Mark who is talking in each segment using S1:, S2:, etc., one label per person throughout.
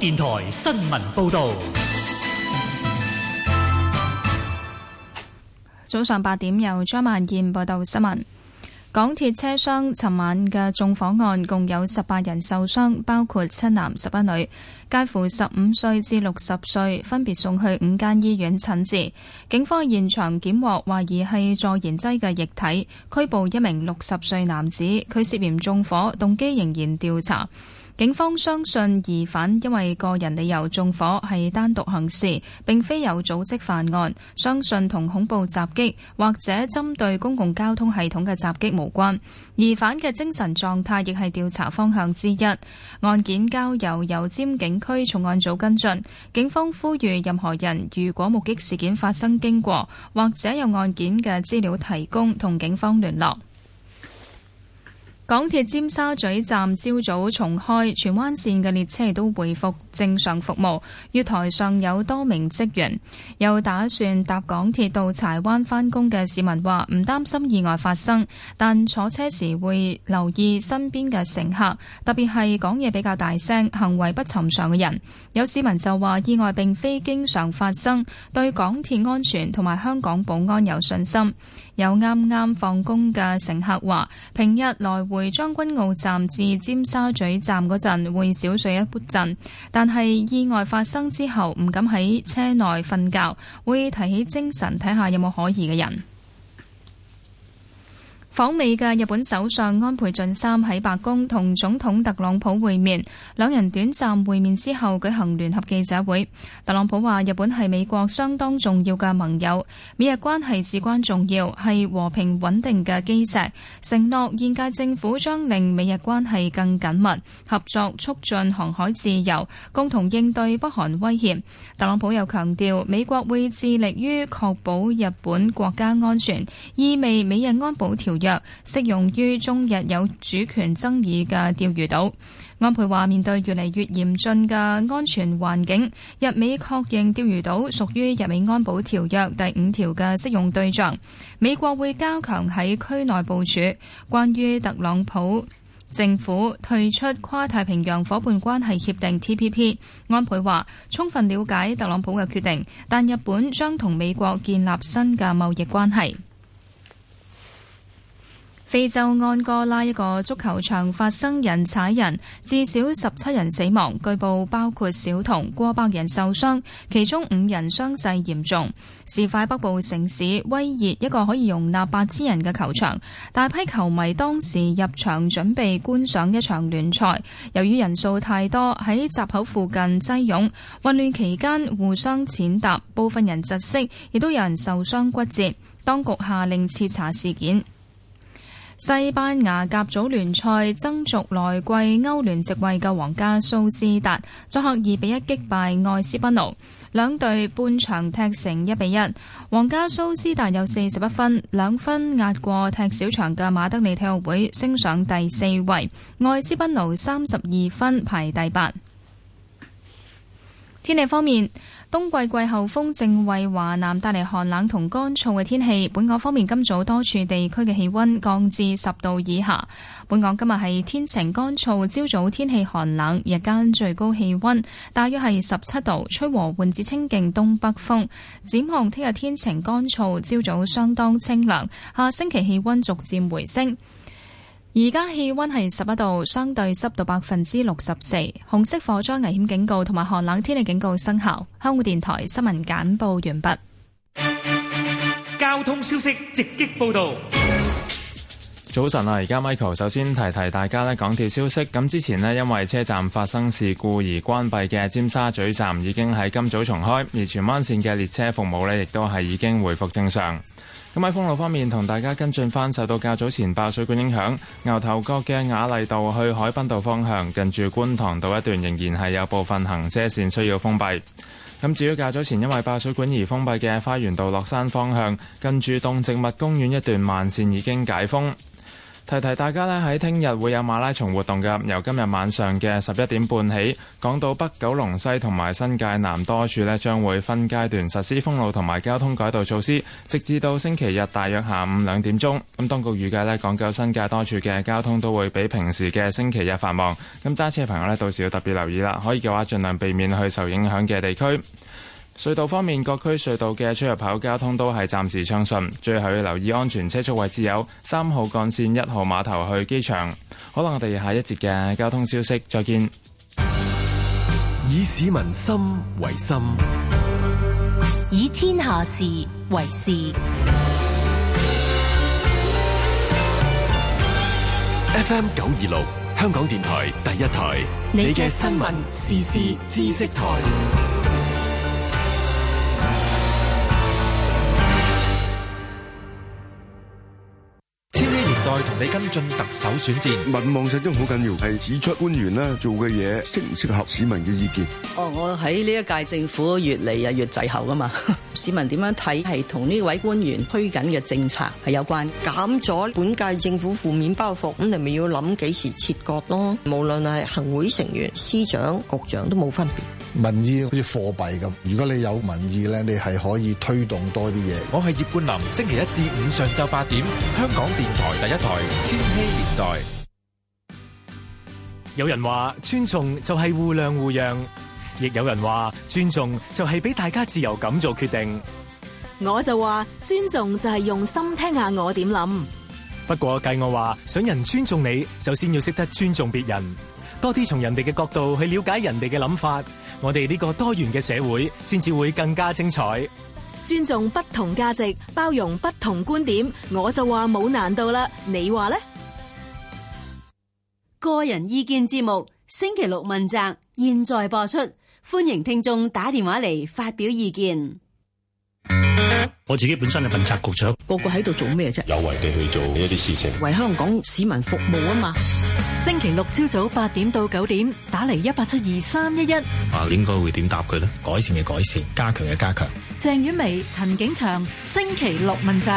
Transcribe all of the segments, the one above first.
S1: 電台新聞報道：
S2: 早上八點，由張曼燕報道新聞。港鐵車廂尋晚嘅縱火案共有十八人受傷，包括七男十一女，介乎十五歲至六十歲，分別送去五間醫院診治。警方現場檢獲懷疑係助燃劑嘅液體，拘捕一名六十歲男子，佢涉嫌縱火，動機仍然調查。警方相信疑犯因為個人理由縱火，係單獨行事，並非有組織犯案。相信同恐怖襲擊或者針對公共交通系統嘅襲擊無關，疑犯嘅精神狀態亦係調查方向之一。案件交由油尖警區重案組跟進，警方呼籲任何人如果目擊事件發生經過或者有案件嘅資料提供，同警方聯絡。港鐵尖沙咀站朝早重開，荃灣線嘅列車亦都回復正常服務。月台上有多名職員，又打算搭港鐵到柴灣返工嘅市民話：唔擔心意外發生，但坐車時會留意身邊嘅乘客，特別係講嘢比較大聲、行為不尋常嘅人。有市民就話：意外並非經常發生，對港鐵安全同埋香港保安有信心。有啱啱放工嘅乘客話，平日來回將軍澳站至尖沙咀站嗰陣會少睡一陣，但係意外發生之後唔敢喺車內瞓覺，會提起精神睇下有冇可疑嘅人。訪美嘅日本首相安倍晉三喺白宮同總統特朗普會面，兩人短暫會面之後舉行聯合記者會。特朗普話：日本係美國相當重要嘅盟友，美日關係至關重要，係和平穩定嘅基石。承諾現屆政府將令美日關係更緊密，合作促進航海自由，共同應對北韓威脅。特朗普又強調，美國會致力於確保日本國家安全，意味美日安保條件。約適用於中日有主權爭議嘅釣魚島。安倍話：面對越嚟越嚴峻嘅安全環境，日美確認釣魚島屬於日美安保條約第五條嘅適用對象。美國會加強喺區內部署。關於特朗普政府退出跨太平洋伙伴關係協定 （TPP），安倍話：充分了解特朗普嘅決定，但日本將同美國建立新嘅貿易關係。非洲安哥拉一個足球場發生人踩人，至少十七人死亡，據報包括小童，過百人受傷，其中五人傷勢嚴重。事發北部城市威熱一個可以容納八千人嘅球場，大批球迷當時入場準備觀賞一場聯賽，由於人數太多，喺閘口附近擠擁混亂期間互相踐踏，部分人窒息，亦都有人受傷骨折。當局下令徹查事件。西班牙甲組聯賽爭逐來季歐聯席位嘅皇家蘇斯達，作客二比一擊敗愛斯賓奴，兩隊半場踢成一比一。皇家蘇斯達有四十一分，兩分壓過踢小場嘅馬德里體育會，升上第四位。愛斯賓奴三十二分，排第八。天氣方面。冬季季候風正為華南帶嚟寒冷同乾燥嘅天氣。本港方面，今早多處地區嘅氣溫降至十度以下。本港今日係天晴乾燥，朝早天氣寒冷，日間最高氣溫大約係十七度，吹和緩至清勁東北風。展望聽日天晴乾燥，朝早相當清涼，下星期氣溫逐漸回升。而家氣温係十一度，相對濕度百分之六十四。紅色火災危險警告同埋寒冷天氣警告生效。香港電台新聞簡報完畢。交通消息直擊報道。
S3: 早晨啊，而家 Michael 首先提提大家呢港鐵消息。咁之前呢因為車站發生事故而關閉嘅尖沙咀站已經喺今早重開，而荃灣線嘅列車服務呢亦都係已經回復正常。咁喺封路方面，同大家跟進翻，受到較早前爆水管影響，牛頭角嘅雅麗道去海濱道方向，近住觀塘道一段仍然係有部分行車線需要封閉，咁至於較早前因為爆水管而封閉嘅花園道落山方向，近住動植物公園一段慢線已經解封。提提大家呢，喺聽日會有馬拉松活動㗎，由今日晚上嘅十一點半起，港島北九龍西同埋新界南多處呢，將會分階段實施封路同埋交通改道措施，直至到星期日大約下午兩點鐘。咁，當局預計呢，港九新界多處嘅交通都會比平時嘅星期日繁忙。咁揸車嘅朋友呢，到時要特別留意啦，可以嘅話，盡量避免去受影響嘅地區。隧道方面，各區隧道嘅出入口交通都係暫時暢順。最後要留意安全車速位置有三號幹線一號碼頭去機場。好啦，我哋下一節嘅交通消息，再見。以市民心為心，
S4: 以天下事為事。
S5: FM 九二六，香港電台第一台，你嘅新聞時事知識台。
S6: 你跟進特首選戰，民望實在好緊要，係指出官
S5: 員咧做嘅嘢適唔適合市民嘅意見。
S4: 哦，我喺呢一屆政府越嚟啊越滯後噶嘛， 市民點樣睇係同呢位官員推緊嘅政策係有關。減咗本屆政府負面包袱，咁你咪要諗幾時切割咯？無論係行會成員、司長、局長都冇分別。
S5: 民意好似貨幣咁，如果你有民意咧，你係可以推動多啲嘢。我係葉冠霖，星期一至五上晝八點，
S7: 香港電台第一台。千禧年代，有人話尊重就係互諒互讓，亦有人話尊重就係俾大家自由咁做決定。
S4: 我就話尊重就係用心聽下我點諗。
S7: 不過計我話，想人尊重你，首先要識得尊重別人，多啲從人哋嘅角度去了解人哋嘅諗法。我哋呢個多元嘅社會，先至會更加精彩。
S4: 尊重不同價值，包容不同觀點，我就話冇難度啦。你話呢？個人意見節目，星期六問責，現在播出，歡迎聽眾打電話嚟發表意見。
S1: 我自己本身係問責局長，個個喺度做咩啫？有為地去做呢一啲事情，
S4: 為香港市民服務啊嘛。星期六朝早八點到九點，打嚟一八七二三
S7: 一一。啊，應該會點答佢咧？改善嘅改善，加強嘅加強。
S4: 鄭婉薇、陳景祥、星期六問責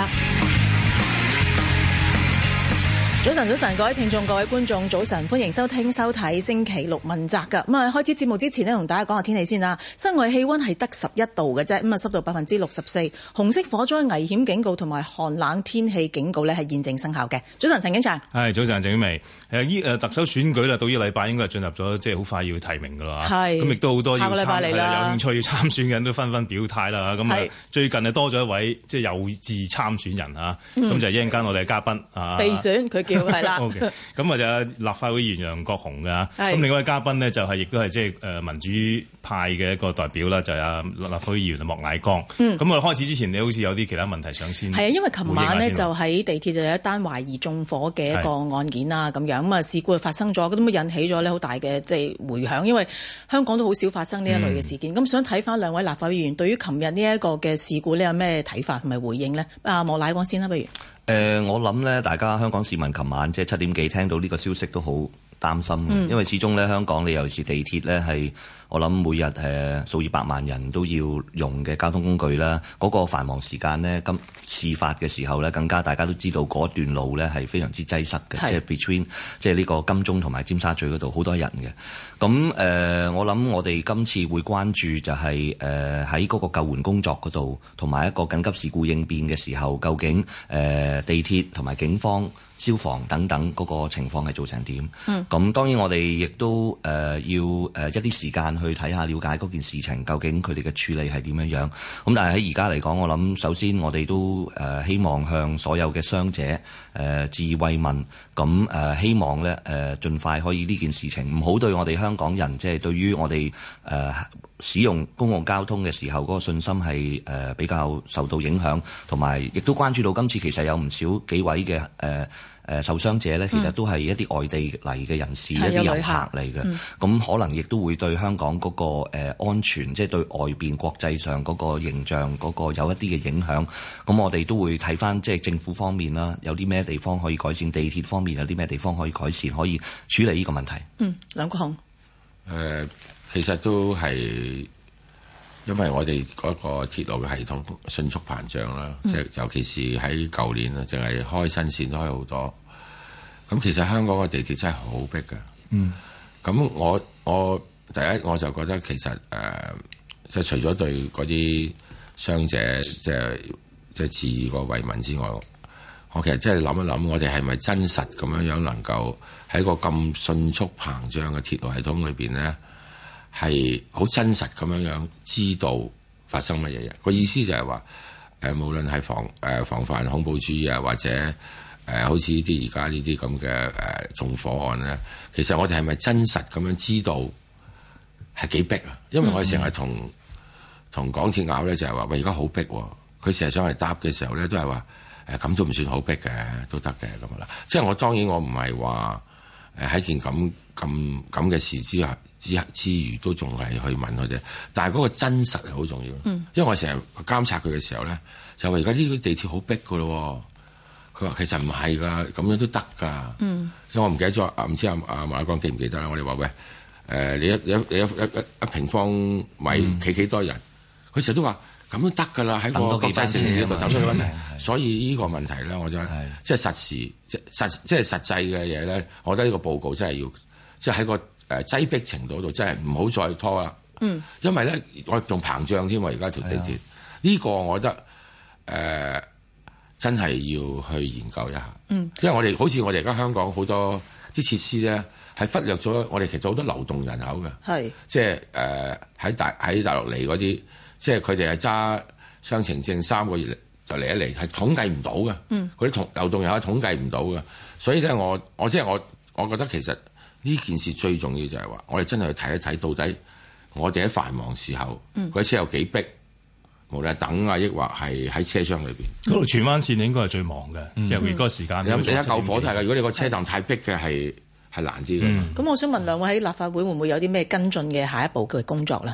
S4: 早晨，早晨，各位聽眾各位觀眾早晨，歡迎收聽收睇星期六問責噶咁啊，開始節目之前咧，同大家講下天氣先啦。室外氣溫係得十一度嘅啫，咁啊濕度百分之六十四，紅色火災危險警告同埋寒冷天氣警告咧係現正生效嘅。早晨，陳警長。
S7: 係，早晨，鄭曉薇。誒啊，依特首選舉啦，到呢個禮拜應該係進入咗，即係好快要提名噶啦。係咁亦都好多個禮拜嚟啦，有興趣要參選嘅人都紛紛表態啦。咁啊，最近啊多咗一位即係有志參選人、嗯那嗯、啊，咁就係一陣間我哋嘅嘉賓啊。備選。
S4: 佢叫係啦
S7: 咁啊就，是 okay。就立法會議員梁國雄噶，咁另外一位嘉賓呢，就是，就係亦都係即係誒民主派嘅一個代表啦，就係、是、立法會議員莫乃光。咁、嗯、我開始之前，你好似有啲其他問題想先係啊，因為琴晚呢，就
S4: 喺地鐵就有一單懷疑縱火嘅一個案件啊，咁樣咁啊事故發生咗，咁都引起咗呢好大嘅即係回響，因為香港都好少發生呢一類嘅事件。咁、嗯、想睇翻，兩位立法會議員對於琴日呢一個嘅事故你有咩睇法同埋回應呢？阿、啊、莫乃光先啦，不如。
S1: 誒、呃，我諗咧，大家香港市民琴晚即係七點幾聽到呢個消息都好擔心、嗯，因為始終咧香港你尤其是地鐵咧係。我諗每日誒、呃、數以百萬人都要用嘅交通工具啦，嗰、那個繁忙時間咧，今次事發嘅時候咧更加大家都知道嗰段路咧係非常之擠塞嘅，即係、就是、between 即係呢個金鐘同埋尖沙咀嗰度好多人嘅。咁誒、呃，我諗我哋今次會關注就係誒喺嗰個救援工作嗰度，同埋一個緊急事故應變嘅時候，究竟誒、呃、地鐵同埋警方。消防等等嗰、那個情況係做成點？咁、嗯、當然我哋亦都、呃、要一啲時間去睇下了解嗰件事情究竟佢哋嘅處理係點樣樣。咁但係喺而家嚟講，我諗首先我哋都希望向所有嘅傷者誒致、呃、慰問。咁、呃、希望咧、呃、盡快可以呢件事情唔好對我哋香港人即係、就是、對於我哋使用公共交通嘅時候，嗰、那個信心係誒、呃、比較受到影響，同埋亦都關注到今次其實有唔少幾位嘅誒誒受傷者咧、嗯，其實都係一啲外地嚟嘅人士，嗯、一啲遊客嚟嘅，咁、嗯、可能亦都會對香港嗰個安全，即、嗯、係、就是、對外邊國際上嗰個形象嗰個有一啲嘅影響，咁我哋都會睇翻即係政府方面啦，有啲咩地方可以改善地鐵方面，有啲咩地方可以改善，可以處理呢個問題，
S4: 嗯，梁國雄誒。Uh,
S1: 其實都係，因為我哋
S6: 嗰個鐵路嘅系統迅速膨脹啦，即、嗯、係尤其是喺舊年啊，淨係開新線都開好多。咁其實香港嘅地鐵真係好逼噶。嗯，咁我我第一我就覺得其實誒，即、呃、係除咗對嗰啲傷者即係即係致個慰問之外，我其實真係諗一諗，我哋係咪真實咁樣樣能夠喺個咁迅速膨脹嘅鐵路系統裏邊咧？係好真實咁樣樣知道發生乜嘢嘢，個意思就係話誒，無論喺防誒防範恐怖主義啊，或者好似呢啲而家呢啲咁嘅縱火案咧，其實我哋係咪真實咁樣知道係幾逼啊？因為我哋成日同同港鐵拗咧，就係話喂，而家好逼喎，佢成日上嚟答嘅時候咧，都係話誒咁都唔算好逼嘅，都得嘅咁啦。即係我當然我唔係話喺件咁咁咁嘅事之下。之之餘都仲係去問佢啫，但係嗰個真實係好重要，嗯，因為我成日監察佢嘅時候咧，就話而家呢個地鐵好逼噶咯。佢話其實唔係㗎，咁樣都得㗎、嗯。所以我唔記、啊啊啊、記，記得咗，唔知阿阿莫乃光記唔記得啦？我哋話喂，誒、呃、你一你一一一一平方米企幾多人？佢成日都話咁都得㗎啦，喺、嗰個國際城市度走出嘅問題。所以呢個問題咧，我就即係實時，即係實即係實際嘅嘢咧。我覺得呢個報告真係要即係喺、嗰個。誒、啊、擠迫程度度真係唔好再拖啦、嗯，因為咧我仲膨脹添、啊、喎，而家條地鐵呢、呢個我覺得誒、呃、真係要去研究一下，因、嗯、為、即係、我哋好似我哋而家香港好多啲設施咧，係忽略咗我哋其實好多流動人口嘅，即係誒喺大喺大陸嚟嗰啲，即係佢哋係揸雙程證三個月嚟就嚟一嚟，係統計唔到嘅，嗰、嗯、啲同流動人口統計唔到嘅，所以咧我我即係、即係、我我覺得其實。呢件事最重要就係話，我哋真係去睇一睇，到底我哋喺繁忙時候，佢、嗯、車有幾逼，無論係等啊，抑或係喺車廂裏面。
S7: 嗰度荃灣線應該係最忙嘅，
S6: 即係嗰個時間。有、嗯、冇一嚿火睇嘅？如果你個車站太逼嘅，係、嗯、係難啲嘅。
S4: 咁、嗯、我想問兩位喺立法會會唔會有啲咩跟進嘅下一步嘅工作咧？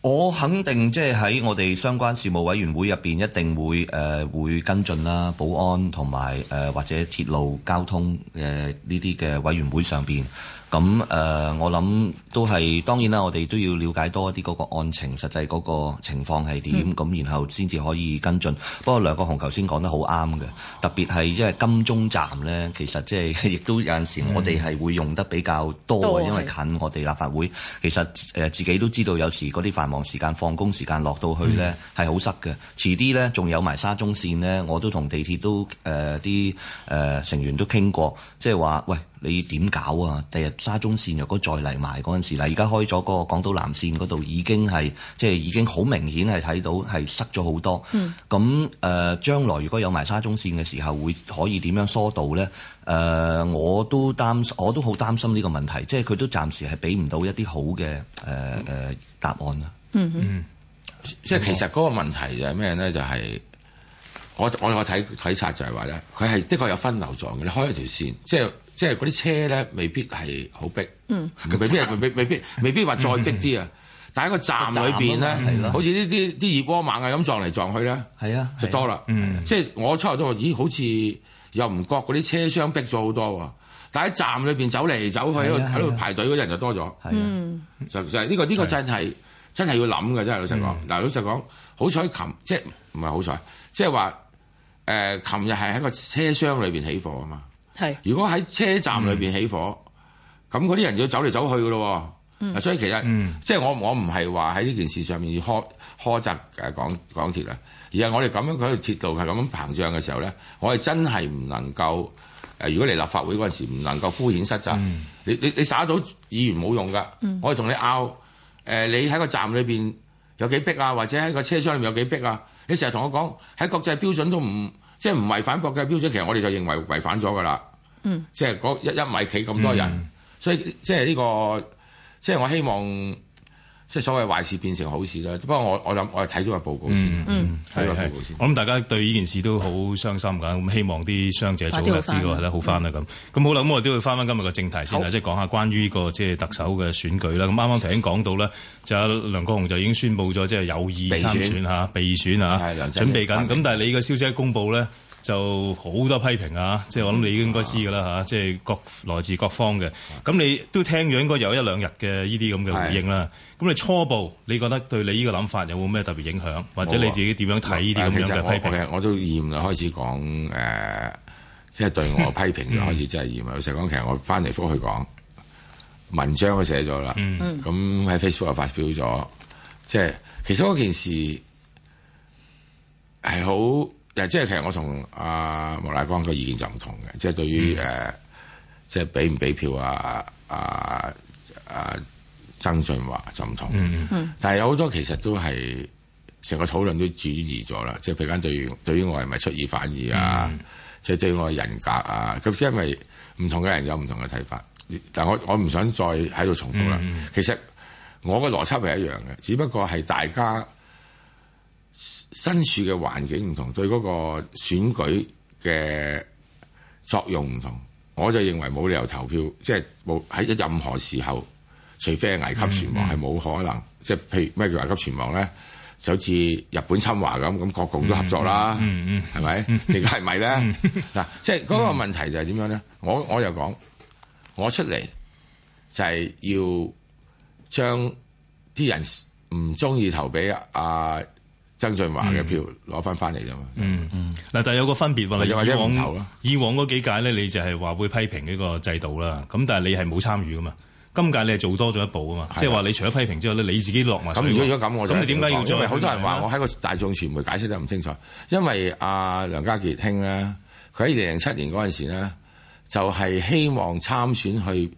S4: 我肯定即係
S1: 喺我哋相關事務委員會入邊，一定會誒、呃、會跟進啦，保安同埋誒或者鐵路交通誒呢啲嘅委員會上邊。咁誒、呃，我諗都係當然啦，我哋都要了解多啲嗰個案情，實際嗰個情況係點，咁、嗯、然後先至可以跟進。不過梁國雄頭先講得好啱嘅，特別係即係金鐘站呢，其實即係亦都有陣時，我哋係會用得比較多、嗯、因為近我哋立法會。其實自己都知道，有時嗰啲繁忙時間、放工時間落到去呢係好塞嘅。遲啲呢，仲有埋沙中線呢，我都同地鐵都誒啲誒成員都傾過，即係話喂。你點搞啊？第日沙中線若果再嚟埋嗰陣時，嗱，而家開咗個港島南線嗰度已經係即係已經好明顯係睇到係塞咗好多。咁、嗯、誒、呃，將來如果有埋沙中線嘅時候，會可以點樣疏導咧？誒、呃，我都擔我都好擔心呢個問題，即係佢都暫時係俾唔到一啲好嘅誒誒答案啦。嗯
S6: 即係、嗯、其實嗰個問題就係咩咧？就係、是、我我我睇睇察就係話咧，佢係的確有分流狀嘅。你開咗條線，即、就、係、是。即係嗰啲車咧，未必係好
S8: 逼，
S6: 未必未必未必未必話再逼啲啊！但喺個站裏邊咧，好似啲啲啲熱波猛餌咁撞嚟撞去咧，係啊，就多啦、啊啊嗯。即係我出嚟都話，咦？好似又唔覺嗰啲車廂逼咗好多喎，但喺站裏邊走嚟走去喺度、啊啊、排隊嗰人就多咗，就就係呢個呢、呢個真係真係要諗嘅，真係老實講。嗱，老實講、啊啊、好彩琴即係唔係好彩，即係話誒，琴日係喺個車廂裏邊起火啊嘛。係，如果喺車站裏邊起火，咁嗰啲人要走嚟走去噶咯。
S2: 嗯，所以其
S6: 實，嗯、即係我我唔係話喺呢件事上面要苛苛責誒港港鐵啊，而係我哋咁樣嗰條鐵道係咁樣膨脹嘅時候咧，我係真係唔能夠誒。如果嚟立法會嗰陣時唔能夠敷衍失責、嗯，你你你耍到議員冇用㗎、嗯。我係同你拗誒、呃，你喺個站裏邊有幾逼啊，或者喺個車廂入面有幾逼啊？你成日同我講喺國際標準都唔～即係唔違反國家標準，其實我哋就認為違反咗㗎啦。嗯，即係一米企咁多人，嗯、所以即係呢個，即係我希望。即係所謂壞事變成好事啦。不過我我諗
S7: 我係睇咗個報告先，睇、嗯嗯、個報告先。我諗大家對呢件事都好傷心㗎。咁希望啲傷者早日知道係啦、嗯，好翻啦咁。咁好啦，咁我哋都要翻翻今日嘅正題先啦，即係講下關於、這個即係特首嘅選舉啦。咁啱啱頭先講到咧，就阿、是、梁國雄就已經宣布咗即係有意參選下、備選下、啊、準備緊。咁但係你個消息一公布咧。就好多批評啊！即係我諗你應該知㗎啦嚇，即、嗯、係各來自各方嘅。咁、嗯、你都聽咗應該有一兩日嘅呢啲咁嘅回應啦。咁你初步你覺得對你呢個諗法有冇咩特別影響，或者你自己點樣睇呢啲咁樣嘅批評？
S6: 我都厭啦，我開始講誒，即、呃、係、就是、對我的批評就開始真係厭啦。我成日講其實我翻嚟覆去講文章都寫咗啦，咁、嗯、喺 Facebook 又發表咗，即、就、係、是、其實嗰件事係好。即係其實我同阿、呃、莫乃光個意見就唔同嘅，即、就、係、是、對於誒，即係俾唔俾票啊啊啊，曾俊華就唔同。嗯嗯但係有好多其實都係成個討論都轉移咗啦，即係譬如講對於對於我係咪出爾反爾啊，即、嗯、係對於我嘅人格啊，咁、就是、因為唔同嘅人有唔同嘅睇法。但係我我唔想再喺度重複啦。嗯嗯其實我嘅邏輯係一樣嘅，只不過係大家。身處嘅環境唔同，對嗰個選舉嘅作用唔同，我就認為冇理由投票，即係喺任何時候，除非係危急存亡，係冇可能。mm-hmm. 即係譬如咩叫危急存亡咧？就好似日本侵華咁，咁國共都合作啦，
S7: 係咪？mm-hmm. 而家係咪咧？
S6: 嗱， 即係嗰個問題就係點樣咧？我我又講，我出嚟就係要將啲人唔中意投俾阿。啊曾俊華嘅票攞翻翻嚟啫嘛。嗯
S7: 嗯。嗱、嗯，但係有個分別喎，又係因為頭以往嗰、就係、幾屆咧，你就係話會批評呢個制度啦。咁但係你係冇參與噶嘛？今屆你係做多咗一步啊嘛。即係話你除咗批評之後咧，你自己落埋。咁如果如果咁，我咁你點解要將？因為好多人話我喺
S6: 個大眾傳媒解釋得唔清楚。因為阿梁家傑兄咧，佢喺二零零七年嗰陣時咧，就係、係、希望參選去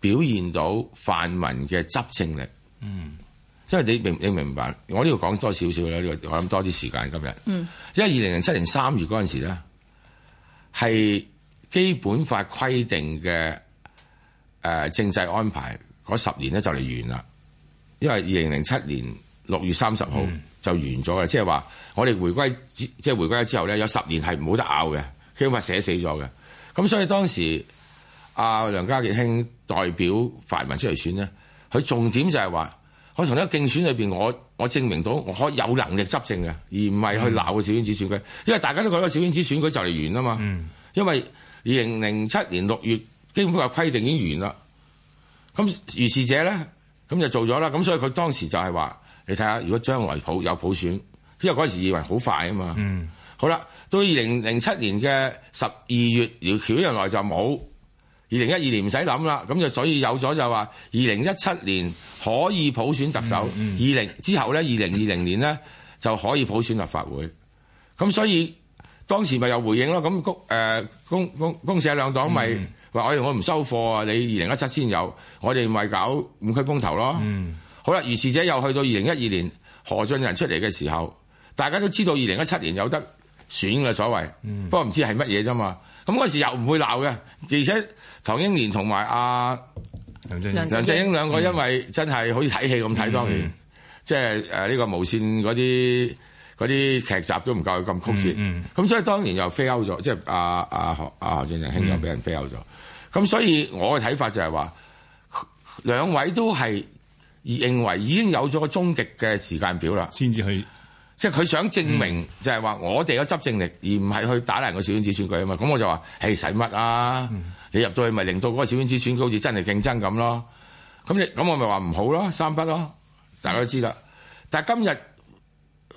S6: 表現到泛民嘅執政力。嗯。因為你明你明白，我呢度講多少少啦，呢個我諗多啲時間今日。嗯，因為二零零七年三月嗰陣時咧，係基本法規定嘅誒、呃、政制安排嗰十年咧就嚟完啦。因為二零零七年六月三十號就完咗嘅，即係話我哋回歸即係回歸之後咧，有十年係唔好得拗嘅，基本法寫死咗嘅。咁所以當時阿梁家傑兄代表泛民出嚟選咧，佢重點就係話。我同呢個競選裏面，我我證明到我可有能力執政嘅，而唔係去鬧個小圈子選舉，因為大家都覺得小圈子選舉就嚟完啦嘛。因為二零零七年六月基本嘅規定已經完啦，咁如是者咧，咁就做咗啦。咁所以佢當時就係話：你睇下，如果將來普有普選，因為嗰陣時以為好快啊嘛。好啦，到二零零七年嘅十二月，喬曉陽一來就冇。二零一二年唔使諗啦，咁就所以有咗就話二零一七年可以普選特首，二、嗯、零、嗯、之後呢，二零二零年呢就可以普選立法會。咁所以當時咪又回應咯，咁公、呃、公公公社兩黨咪話、嗯、我哋我唔收貨啊，你二零一七先有，我哋咪搞五區公投咯。嗯、好啦，如是者又去到二零一二年何俊仁出嚟嘅時候，大家都知道二零一七年有得選嘅所謂，不過唔知係乜嘢啫嘛。咁嗰時又唔會鬧嘅，而且唐英年同埋阿梁振英梁振英兩個，因為真係好似睇戲咁睇，當然即係誒呢個無線嗰啲啲劇集都唔夠佢咁曲折，咁、嗯嗯、所以當年又 fail 咗，即係阿阿阿何俊仁又俾人 fail 咗。咁、嗯、所以我嘅睇法就係話，兩位都係認為已經有咗個終極嘅時間表啦，先至去。即係佢想證明就係話我哋嘅執政力，而唔係去打爛個小圈子選舉啊嘛。咁我就話，誒使乜啊？你入到去咪令到嗰個小圈子選舉好似真係競爭咁咯？咁你咁我咪話唔好咯，三筆咯，大家都知㗎。但係今日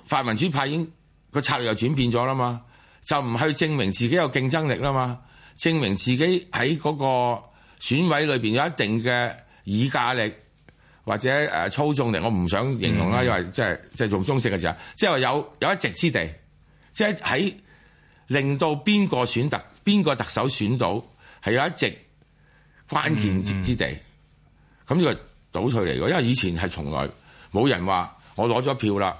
S6: 泛民主派已經個策略又轉變咗啦嘛，就唔去證明自己有競爭力啦嘛，證明自己喺嗰個選委裏邊有一定嘅議價力。或者誒操縱嚟，我唔想形容啦，嗯，因為即係即係做中性嘅時候，即係有有一席之地，即係喺令到邊個選特邊個特首選到係有一席關鍵之之地，咁呢個倒退嚟嘅，因為以前係從來冇人話我攞咗票啦，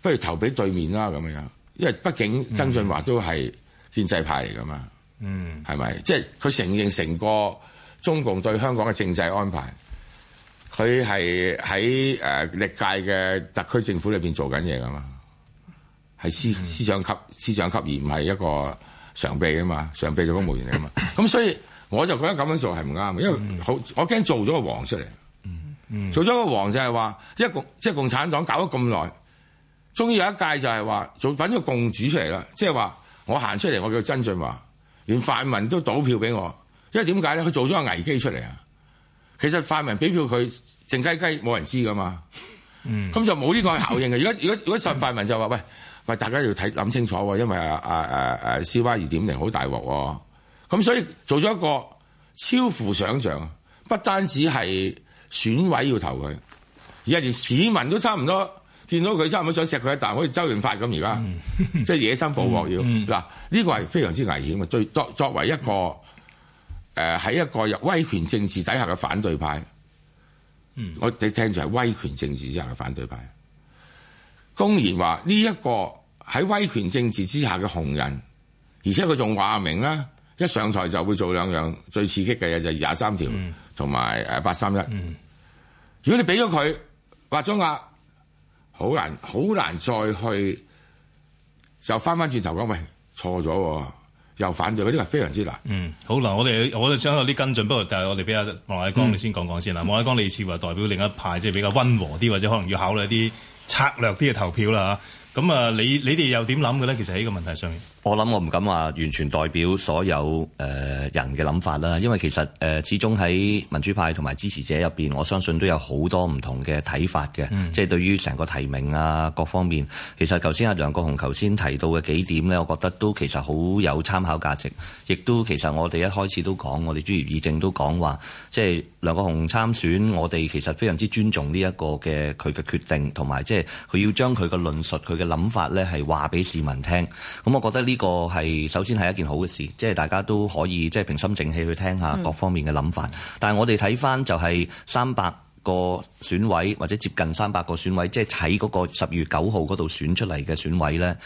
S6: 不如投畀對面啦咁樣樣，因為畢竟曾俊華都係建制派嚟㗎嘛，嗯，係咪？即係佢承認成個中共對香港嘅政制安排。佢係喺誒歷屆嘅特區政府裏面做緊嘢㗎嘛，係司司長級、司長級而唔係一個常秘啊嘛，常秘做公務員嚟㗎嘛，咁所以我就覺得咁樣做係唔啱，因為好我驚做咗個王出嚟，嗯，做咗個王就係話，一共即係、就係、共產黨搞咗咁耐，終於有一屆就係話做返咗個共主出嚟啦，即係話我行出嚟，我叫曾俊華，連泛民都賭票俾我，因為點解咧？佢做咗個危機出嚟啊！其實泛民俾票佢靜雞雞，冇人知噶嘛，咁、嗯、就冇呢個是效應嘅。如果如果如果實泛民就話喂，喂，大家要睇諗清楚，因為啊啊啊啊 CY 二點零好大鑊，咁所以做咗一個超乎想象，不單止係選委要投佢，而家連市民都差唔多見到佢差唔多想錫佢一啖，好似周潤發咁而家，即係野生捕獲要嗱，呢、嗯嗯這個係非常之危險啊！最作作為一個。誒，喺一個有威權政治底下嘅反對派，嗯，我哋聽住係威權政治之下嘅反對派，公然話呢一個喺威權政治之下嘅紅人，而且佢仲話明啦，一上台就會做兩樣最刺激嘅嘢，就係廿三條同埋誒八三一。如果你俾咗佢，話咗啊，好難好難再去就翻翻轉頭講，喂，錯咗。又反對，嗰啲係非常之難。
S7: 嗯，好啦，我哋我哋將有啲跟進，不過但係我哋畀阿莫乃光、嗯，你先講講先啦。莫乃光，你似乎係代表另一派，即、就、係、是、比較溫和啲，或者可能要考慮啲策略啲嘅投票啦、啊。咁啊，你你哋又點諗嘅咧？其實喺個問題上面，
S1: 我諗我唔敢話完全代表所有誒、呃、人嘅諗法啦，因為其實誒、呃、始終喺民主派同埋支持者入邊，我相信都有好多唔同嘅睇法嘅，嗯、即係對於成個提名啊，各方面，其實頭先阿梁國雄頭先提到嘅幾點咧，我覺得都其實好有參考價值，亦都其實我哋一開始都講，我哋專業議政都講話，即係。梁國雄參選，我哋其實非常之尊重呢一個嘅佢嘅決定，同埋即係佢要將佢嘅論述、佢嘅諗法呢係話俾市民聽。咁我覺得呢個係首先係一件好嘅事，即係大家都可以即係平心靜氣去聽下各方面嘅諗法。嗯、但係我哋睇翻就係三百個選委或者接近三百個選委，即係喺嗰個十月九號嗰度選出嚟嘅選委呢，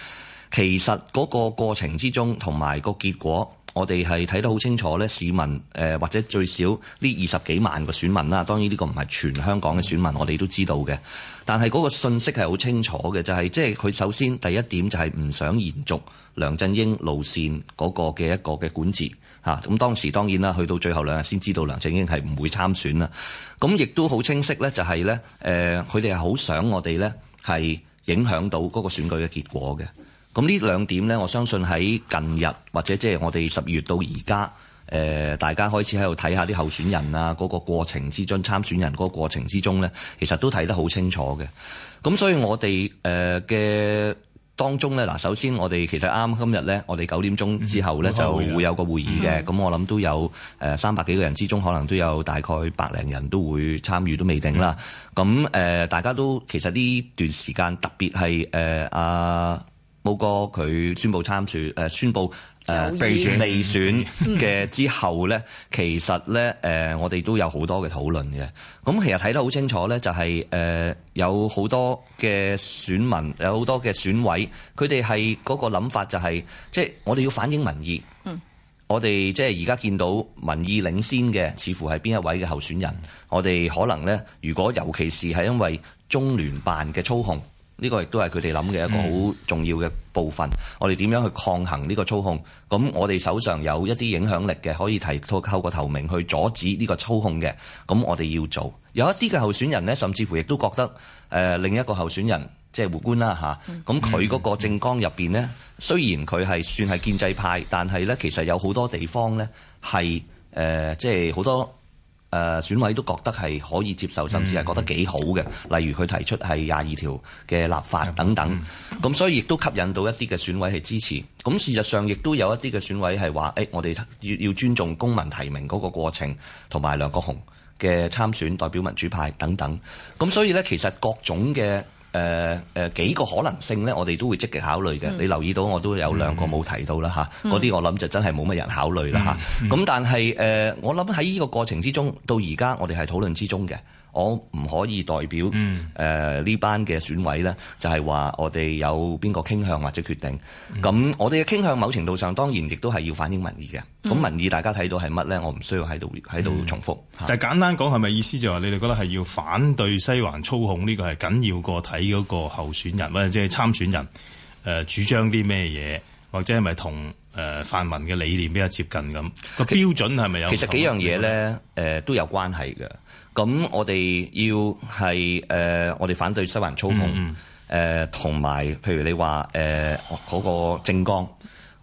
S1: 其實嗰個過程之中同埋個結果。我哋係睇得好清楚咧，市民誒或者最少呢二十幾萬個選民啦，當然呢個唔係全香港嘅選民，我哋都知道嘅。但係嗰個信息係好清楚嘅，就係即係佢首先第一點就係唔想延續梁振英路線嗰個嘅一個嘅管治咁、啊、當時當然啦，去到最後兩日先知道梁振英係唔會參選啦。咁、啊、亦都好清晰咧、就係，就係咧誒，佢哋係好想我哋咧係影響到嗰個選舉嘅結果嘅。咁呢兩點呢，我相信喺近日或者即係我哋十二月到而家，誒、呃，大家開始喺度睇下啲候選人啊，嗰個過程之中，參選人嗰個過程之中呢，其實都睇得好清楚嘅。咁所以我哋誒嘅當中呢，嗱，首先我哋其實啱今日呢，我哋九點鐘之後呢、嗯，就會有個會議嘅。咁、嗯嗯、我諗都有誒三百幾個人之中，可能都有大概百零人都會參與都未定啦。咁、嗯、誒、呃，大家都其實呢段時間特別係誒冇過佢宣布參選誒，宣布誒備選、呃、備選嘅之後咧、 呃，其實咧誒我哋都有好多嘅討論嘅。咁其實睇得好清楚咧、就是，就係誒有好多嘅選民，有好多嘅選委，佢哋係嗰個諗法就係、是，即、就、係、是、我哋要反映民意。嗯， 我哋即係而家見到民意領先嘅，似乎係邊一位嘅候選人？我哋可能咧，如果尤其是係因為中聯辦嘅操控。呢、這個亦都係佢哋諗嘅一個好重要嘅部分。嗯、我哋點樣去抗衡呢個操控？咁我哋手上有一啲影響力嘅，可以提到透過投名去阻止呢個操控嘅。咁我哋要做有一啲嘅候選人呢，甚至乎亦都覺得誒、呃、另一個候選人即係、就是、胡官啦吓，咁佢嗰個政綱入邊呢，雖然佢係算係建制派，但係呢其實有好多地方呢係誒即係好多。誒、呃、選委都覺得係可以接受，甚至係覺得幾好嘅，mm -hmm. 例如佢提出係廿二條嘅立法等等，咁、mm -hmm. 所以亦都吸引到一啲嘅選委係支持。咁事實上亦都有一啲嘅選委係話：誒、哎，我哋要要尊重公民提名嗰個過程，同埋梁國雄嘅參選代表民主派等等。咁所以呢，其實各種嘅。誒、呃、誒、呃、幾個可能性咧，我哋都會積極考慮嘅，嗯。你留意到我都有兩個冇提到啦嚇，嗰，嗯、啲、啊、我諗就真係冇乜人考慮啦嚇。咁、嗯嗯啊、但係誒、呃，我諗喺呢個過程之中，到而家我哋係討論之中嘅。我唔可以代表誒呢、呃嗯、班嘅選委咧，就係、是、話我哋有邊個傾向或者決定咁。嗯、我哋嘅傾向某程度上當然亦都係要反映民意嘅。咁、嗯、民意大家睇到係乜咧？我唔需要喺度喺度重複，就、嗯啊、簡單講係
S7: 咪意思就話、是、你哋覺得係要反對西環操控呢、這個係緊要過睇嗰個候選人或者即係參選人誒主張啲咩嘢，或者係咪同？呃誒、呃、泛民
S1: 嘅理念比較接近咁，個
S7: 標準係咪有？其實幾樣嘢咧，
S1: 誒、呃、都有關係嘅。咁我哋要係誒、呃，我哋反對西環操控，誒同埋譬如你話誒嗰個政綱，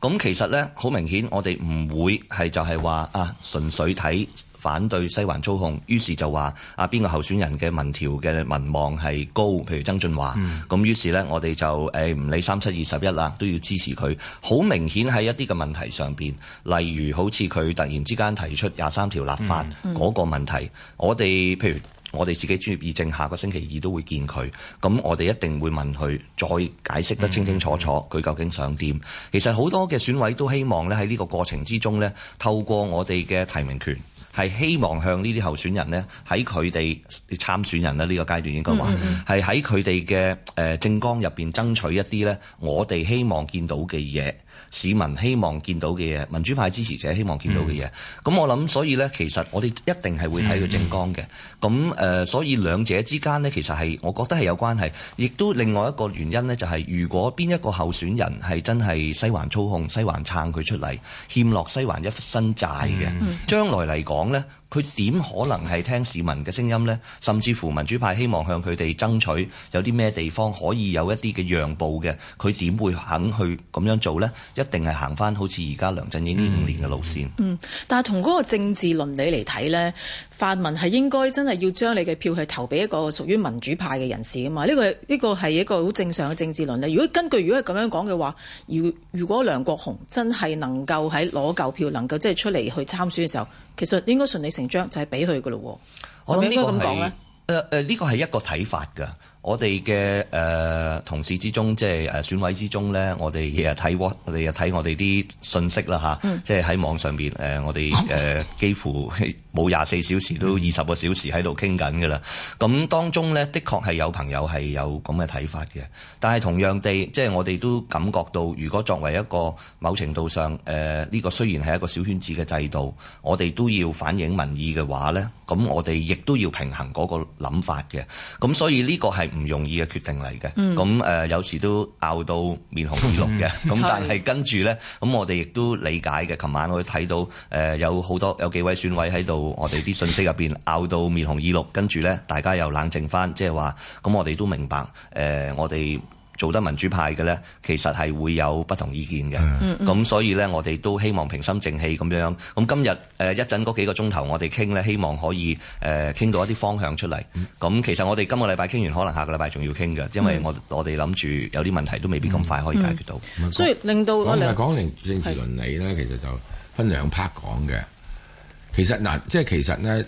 S1: 咁其實咧好明顯我是是，我哋唔會係就係話啊，純粹睇。反對西環操控，於是就話啊，邊個候選人嘅民調嘅民望係高，譬如曾俊華咁。於、嗯、是呢，我哋就誒唔理三七二十一啦，都要支持佢。好明顯喺一啲嘅問題上邊，例如好似佢突然之間提出廿三條立法嗰、嗯那個問題，嗯、我哋譬如我哋自己專業議政下個星期二都會見佢，咁我哋一定會問佢再解釋得清清楚楚佢、嗯、究竟想點。其實好多嘅選委都希望呢，喺呢個過程之中呢，透過我哋嘅提名權，係希望向呢啲候選人呢，喺佢哋參選人呢，呢個階段應該話係喺佢哋嘅政綱入面爭取一啲呢，我哋希望見到嘅嘢。市民希望見到嘅嘢，民主派支持者希望見到嘅嘢，咁、嗯、我諗，所以呢，其實我哋一定係會睇佢政綱嘅。咁、嗯、誒、呃，所以兩者之間呢，其實係我覺得係有關係，亦都另外一個原因呢，就係、是、如果邊一個候選人係真係西環操控、西環撐佢出嚟，欠落西環一身債嘅、嗯，將來嚟講呢。佢點可能係聽市民嘅聲音呢？甚至乎民主派希望向佢哋爭取有啲咩地方可以有一啲嘅讓步嘅，佢點會肯去咁樣做呢？一定係行翻好似而家梁振英呢五年嘅路線。嗯，
S4: 嗯，但係同嗰個政治倫理嚟睇呢，泛民係應該真係要將你嘅票去投俾一個屬於民主派嘅人士吖嘛？呢個呢個係一個好正常嘅政治倫理。如果根據，如果係咁樣講嘅話，如如果梁國雄真係能夠喺攞夠票，能夠即係出嚟去參選嘅時候。其實應該順理成章就係俾佢嘅咯喎。我諗應該咁講
S1: 咧，誒誒，呢個係一個睇法噶。我哋嘅誒同事之中，即係誒選委之中咧，我哋日日睇我，我哋又睇我哋啲信息啦吓、嗯，即係喺網上面誒、呃，我哋誒、呃嗯、幾乎冇廿四小時都二十個小時喺度傾緊嘅啦。咁當中咧，的確係有朋友係有咁嘅睇法嘅，但係同樣地，即、就、係、是、我哋都感覺到，如果作為一個某程度上誒呢、呃這個雖然係一個小圈子嘅制度，我哋都要反映民意嘅話咧，咁我哋亦都要平衡嗰個諗法嘅。咁所以呢個係唔容易嘅決定嚟嘅，咁、嗯、誒、嗯、有時都拗到面紅耳綠嘅，咁、嗯、但係跟住咧，咁、嗯、我哋亦都理解嘅。琴晚我哋睇到誒、呃、有好多有幾位選委喺度，我哋啲信息入邊拗到面紅耳綠，跟住咧大家又冷靜翻，即係話，咁、嗯、我哋都明白誒、呃，我哋。做得民主派嘅呢，其實係會有不同意見嘅。咁、嗯嗯、所以呢，我哋都希望平心靜氣咁樣。咁今日呃、一陣嗰幾個鐘頭，我哋傾呢，希望可以呃、傾到一啲方向出嚟。咁、嗯、其實我哋今個禮拜傾完，可能下個禮拜仲要傾嘅，因為我我哋諗住有啲問題都未必咁快可以解決到嗯
S4: 嗯。所以令到我哋
S1: 講政治倫理呢，其實
S6: 就分兩 part 講嘅。其實嗱，即係其實呢，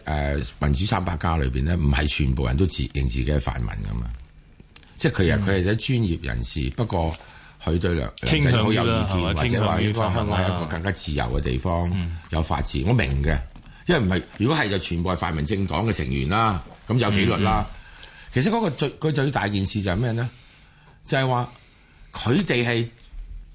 S6: 民主三百家裏面呢，唔係全部人都自認自己係泛民㗎嘛。即係佢又佢係啲專業人士，嗯、不過佢對梁即係好有意見，是或者話呢方香港係一個更加自由嘅地方的，有法治，嗯、我明嘅。因為唔係，如果係就全部係泛民政黨嘅成員啦，咁有紀律啦、嗯。其實嗰個最佢最大件事就係咩咧？就係話佢哋係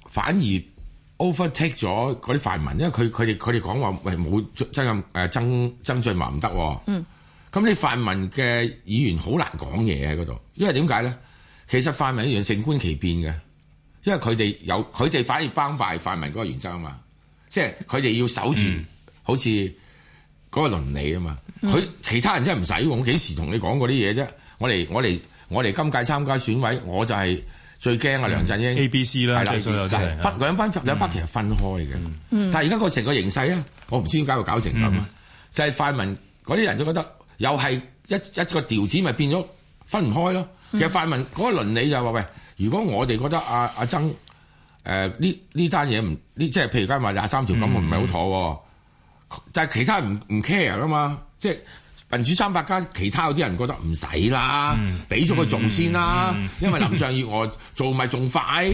S6: 反而 overtake 咗嗰啲泛民，因為佢佢哋佢哋講話喂冇曾任誒曾曾俊華唔得，說說嗯，咁你泛民嘅議員好難講嘢喺嗰度，因為點解咧？其實泛民一樣性觀其變嘅，因為佢哋有佢哋反而幫敗泛民嗰個原則啊嘛，即係佢哋要守住、嗯、好似嗰個倫理啊嘛。佢、嗯、其他人真係唔使，我幾時同你講嗰啲嘢啫？我嚟我嚟我嚟今屆參加選委，我就係最驚啊！梁振英 A、B、嗯、C 啦，係、就是、兩班、嗯、兩班其實分開嘅、嗯，但係而家個成個形勢啊，我唔知點解會搞成咁啊、嗯！就係、是、泛民嗰啲人就覺得又係一一個調子咪變咗分唔開咯。其實泛民嗰個倫理就話：喂，如果我哋覺得阿阿、啊啊、曾呢呢單嘢唔，呢即係譬如講話廿三條咁，我唔係好妥。嗯、但係其他人唔唔 care 㗎嘛，即係民主三百家，其他有啲人覺得唔使啦，俾咗佢做先啦、嗯嗯，因為林上月 我做咪仲快，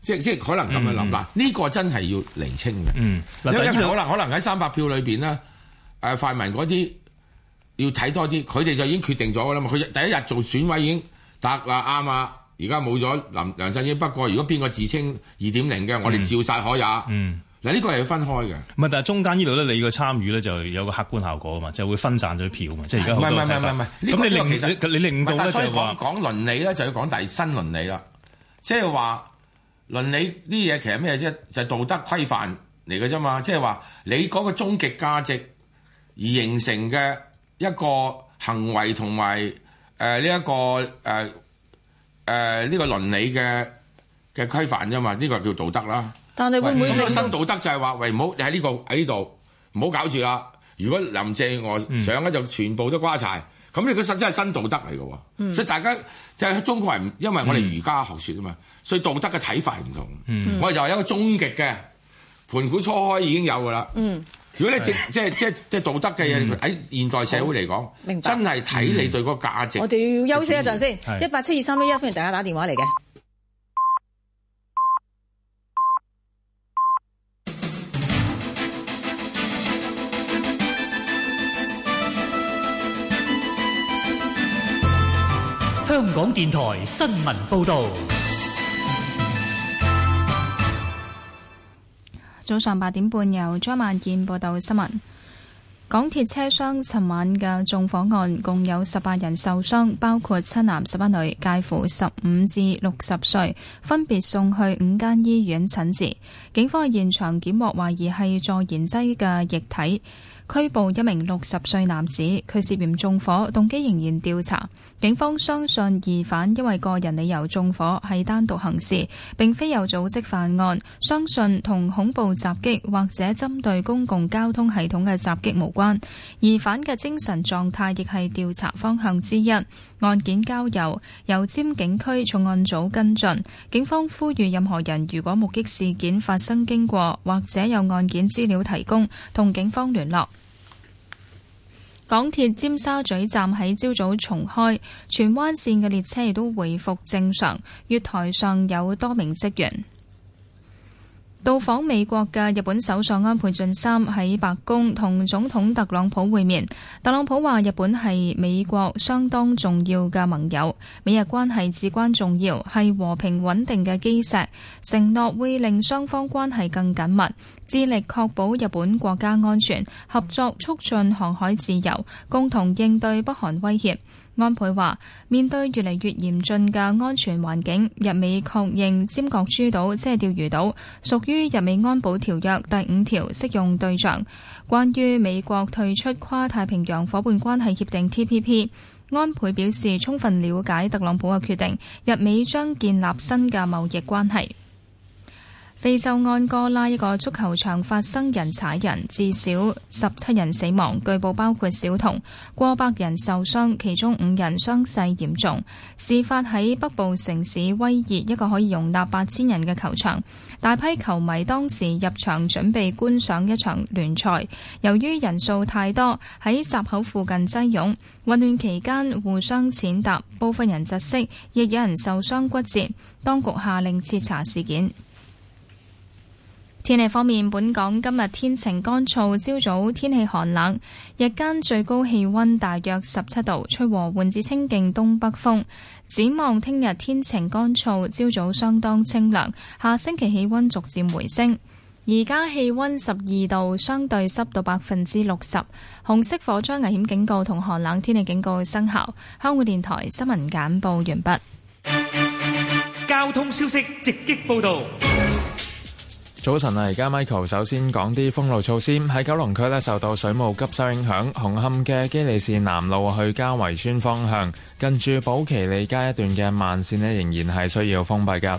S6: 即即可能咁樣諗。嗱、嗯、呢、這個真係要釐清嘅、嗯，因為可能可能喺三百票裏面呢，快、啊、泛民嗰啲要睇多啲，佢哋就已經決定咗㗎啦嘛。佢第一日做選委已經。得啦，啱啊！而家冇咗林梁振英，不過如果邊個自稱二點零嘅，我哋照晒可
S7: 也。嗯，嗱、嗯、呢、這個係要分開嘅。唔係，但係中間呢度咧，你嘅參與咧就有個客觀效果啊嘛，就會分散咗票啊嘛，即係而家好多睇法。唔係唔係唔係唔係，咁你、這個、你，你令到咧就係話講倫理咧，就要講第新倫理啦。
S6: 即係話倫理呢嘢其實咩啫？就係道德規範嚟嘅啫嘛。即係話你嗰個終極價值而形成嘅一個行為同埋。誒呢一個誒誒呢個倫理嘅嘅規範啫嘛，呢、這個叫道德啦。
S4: 但你會唔會令、那個、新
S6: 道德就係話：喂，唔好你喺呢度喺呢度，唔好搞住啦。如果林借外上林鄭我上咧、嗯，就全部都瓜晒。咁你個實質係新道德嚟嘅喎。所以大家就係、是、中國人，因為我哋儒家學説啊嘛，所以道德嘅睇法唔同。嗯、我哋就係一個終極嘅盤古初開已經有嘅啦。嗯如果你值即係即係即係道德嘅嘢喺現代社會嚟講，明白，真係睇你對個價值。嗯、我
S4: 哋要休息一陣先，一八七二三一一歡迎大家打電話嚟嘅。
S1: 香港電台新聞報道。
S2: 早上八點半，由張萬健報道新聞。港鐵車廂尋晚嘅縱火案，共有十八人受傷，包括七男十一女，介乎十五至六十歲，分別送去五間醫院診治。警方現場檢獲懷疑係助燃劑嘅液體。拘捕一名六十歲男子，佢涉嫌縱火，動機仍然調查。警方相信疑犯因為個人理由縱火，係單獨行事，並非有組織犯案。相信同恐怖襲擊或者針對公共交通系統嘅襲擊無關。疑犯嘅精神狀態亦係調查方向之一。案件交由油尖警區重案組跟進。警方呼籲任何人如果目擊事件發生經過，或者有案件資料提供，同警方聯絡。港鐵尖沙咀站喺朝早重開，荃灣線嘅列車亦都回復正常。月台上有多名職員。到訪美國嘅日本首相安倍晉三喺白宮同總統特朗普會面。特朗普話：日本係美國相當重要嘅盟友，美日關係至關重要，係和平穩定嘅基石。承諾會令雙方關係更緊密，致力確保日本國家安全，合作促進航海自由，共同應對北韓威脅。安倍話：面對越嚟越嚴峻嘅安全環境，日美確認尖閣諸島即係、就是、釣魚島屬於日美安保條約第五條適用對象。關於美國退出跨太平洋夥伴關係協定 （TPP），安倍表示充分了解特朗普嘅決定，日美將建立新嘅貿易關係。非洲安哥拉一個足球場發生人踩人，至少十七人死亡，據報包括小童，過百人受傷，其中五人傷勢嚴重。事發喺北部城市威熱一個可以容納八千人嘅球場，大批球迷當時入場準備觀賞一場聯賽，由於人數太多，喺閘口附近擠擁，混亂期間互相踐踏，部分人窒息，亦有人受傷骨折。當局下令徹查事件。天氣方面，本港今日天晴乾燥，朝早天氣寒冷，日間最高氣溫大約十七度，吹和緩至清勁東北風。展望聽日天晴乾燥，朝早相當清涼，下星期氣溫逐漸回升。而家氣溫十二度，相對濕度百分之六十，紅色火災危險警告同寒冷天氣警告生效。香港電台新聞簡報完畢。交
S7: 通消息直擊報道。
S3: 早晨啊！而家 Michael 首先講啲封路措施。喺九龍區呢，受到水務急修影響，紅磡嘅基利士南路去加圍村方向，近住寶奇利街一段嘅慢綫呢，仍然係需要封閉㗎。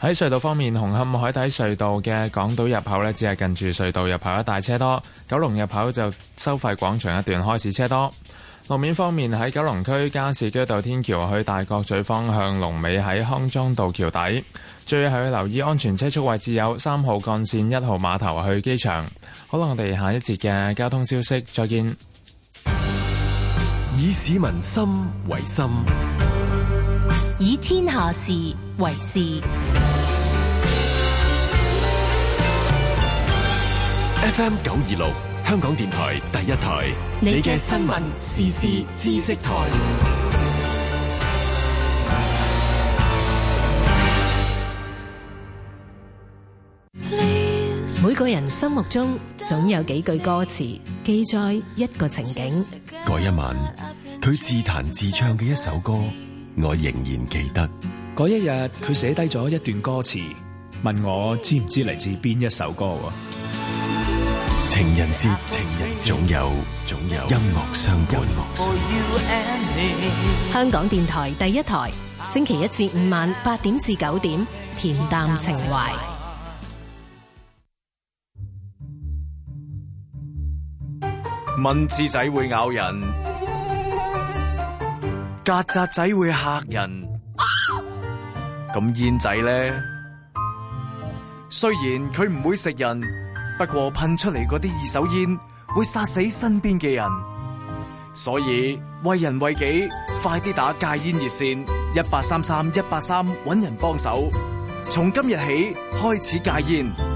S3: 喺隧道方面，紅磡海底隧道嘅港島入口呢，只係近住隧道入口一帶車多；九龍入口就收費廣場一段開始車多。路面方面喺九龍區加士居道天橋去大角咀方向，龍尾喺康莊道橋底。最後要留意安全車速，位置有三號幹線一號碼頭去機場。好啦，我哋下一節嘅交通消息，再見。以
S5: 市民心為心，
S4: 以天下事為事。
S5: FM 九二六，香港電台第一台，你嘅新聞時事知
S4: 識台。
S2: 個人心目中總有幾句歌詞記載一個情景。
S5: 嗰一晚，佢自彈自唱嘅一首歌，我仍然記得。嗰一日，佢寫
S3: 低咗一段歌詞，問我知唔知嚟自邊一首歌？
S5: 情人節，情人總有總有音樂相
S2: 伴。香港電台第一台，星期一至五晚八點至九點，恬淡情懷。
S3: 蚊子仔會咬人，曱甴仔會嚇人，咁煙仔咧？雖然佢唔會食人，不過噴出嚟嗰啲二手煙會殺死身邊嘅人，所以為人為己，快啲打戒煙熱線一八三三一八三，揾人幫手，從今日起開始戒煙。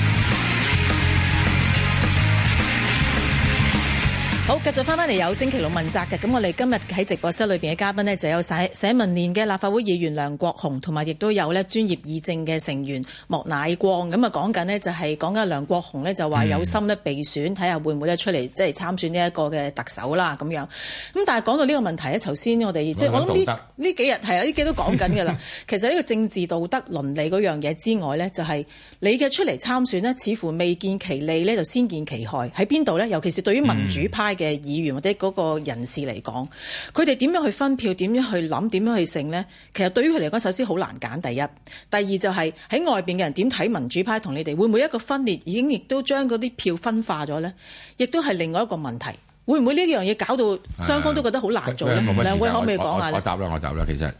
S4: 好，繼續返返嚟有星期六問責嘅。咁我哋今日喺直播室裏邊嘅嘉賓呢，就有社社民連嘅立法會議員梁國雄，同埋亦都有呢專業議政嘅成員莫乃光，咁啊講緊呢，就係講緊梁國雄呢，就話有心呢，備選，睇、嗯、下會唔會呢出嚟即係參選呢一個嘅特首啦咁樣。咁但係講到呢個問題呢，頭先我哋即係我諗呢呢幾日係啊呢幾都講緊嘅啦。 其實呢個政治道德倫理嗰樣嘢之外呢，就係、是、你嘅出嚟參選呢，似乎未見其利呢，就先見其害喺邊度呢？尤其是對於民主派。嘅議員或者嗰個人士嚟講，佢哋點樣去分票？點樣去諗？點樣去勝呢？其實對於佢嚟講，首先好難揀。第一，第二就係、是、喺外邊嘅人點睇民主派同你哋會唔會一個分裂已經亦都將嗰啲票分化咗呢？亦都係另外一個問題，會唔會呢樣嘢搞到雙方都覺得好難做咧、啊？兩位可唔可以講下？我
S6: 答啦，我答啦。其實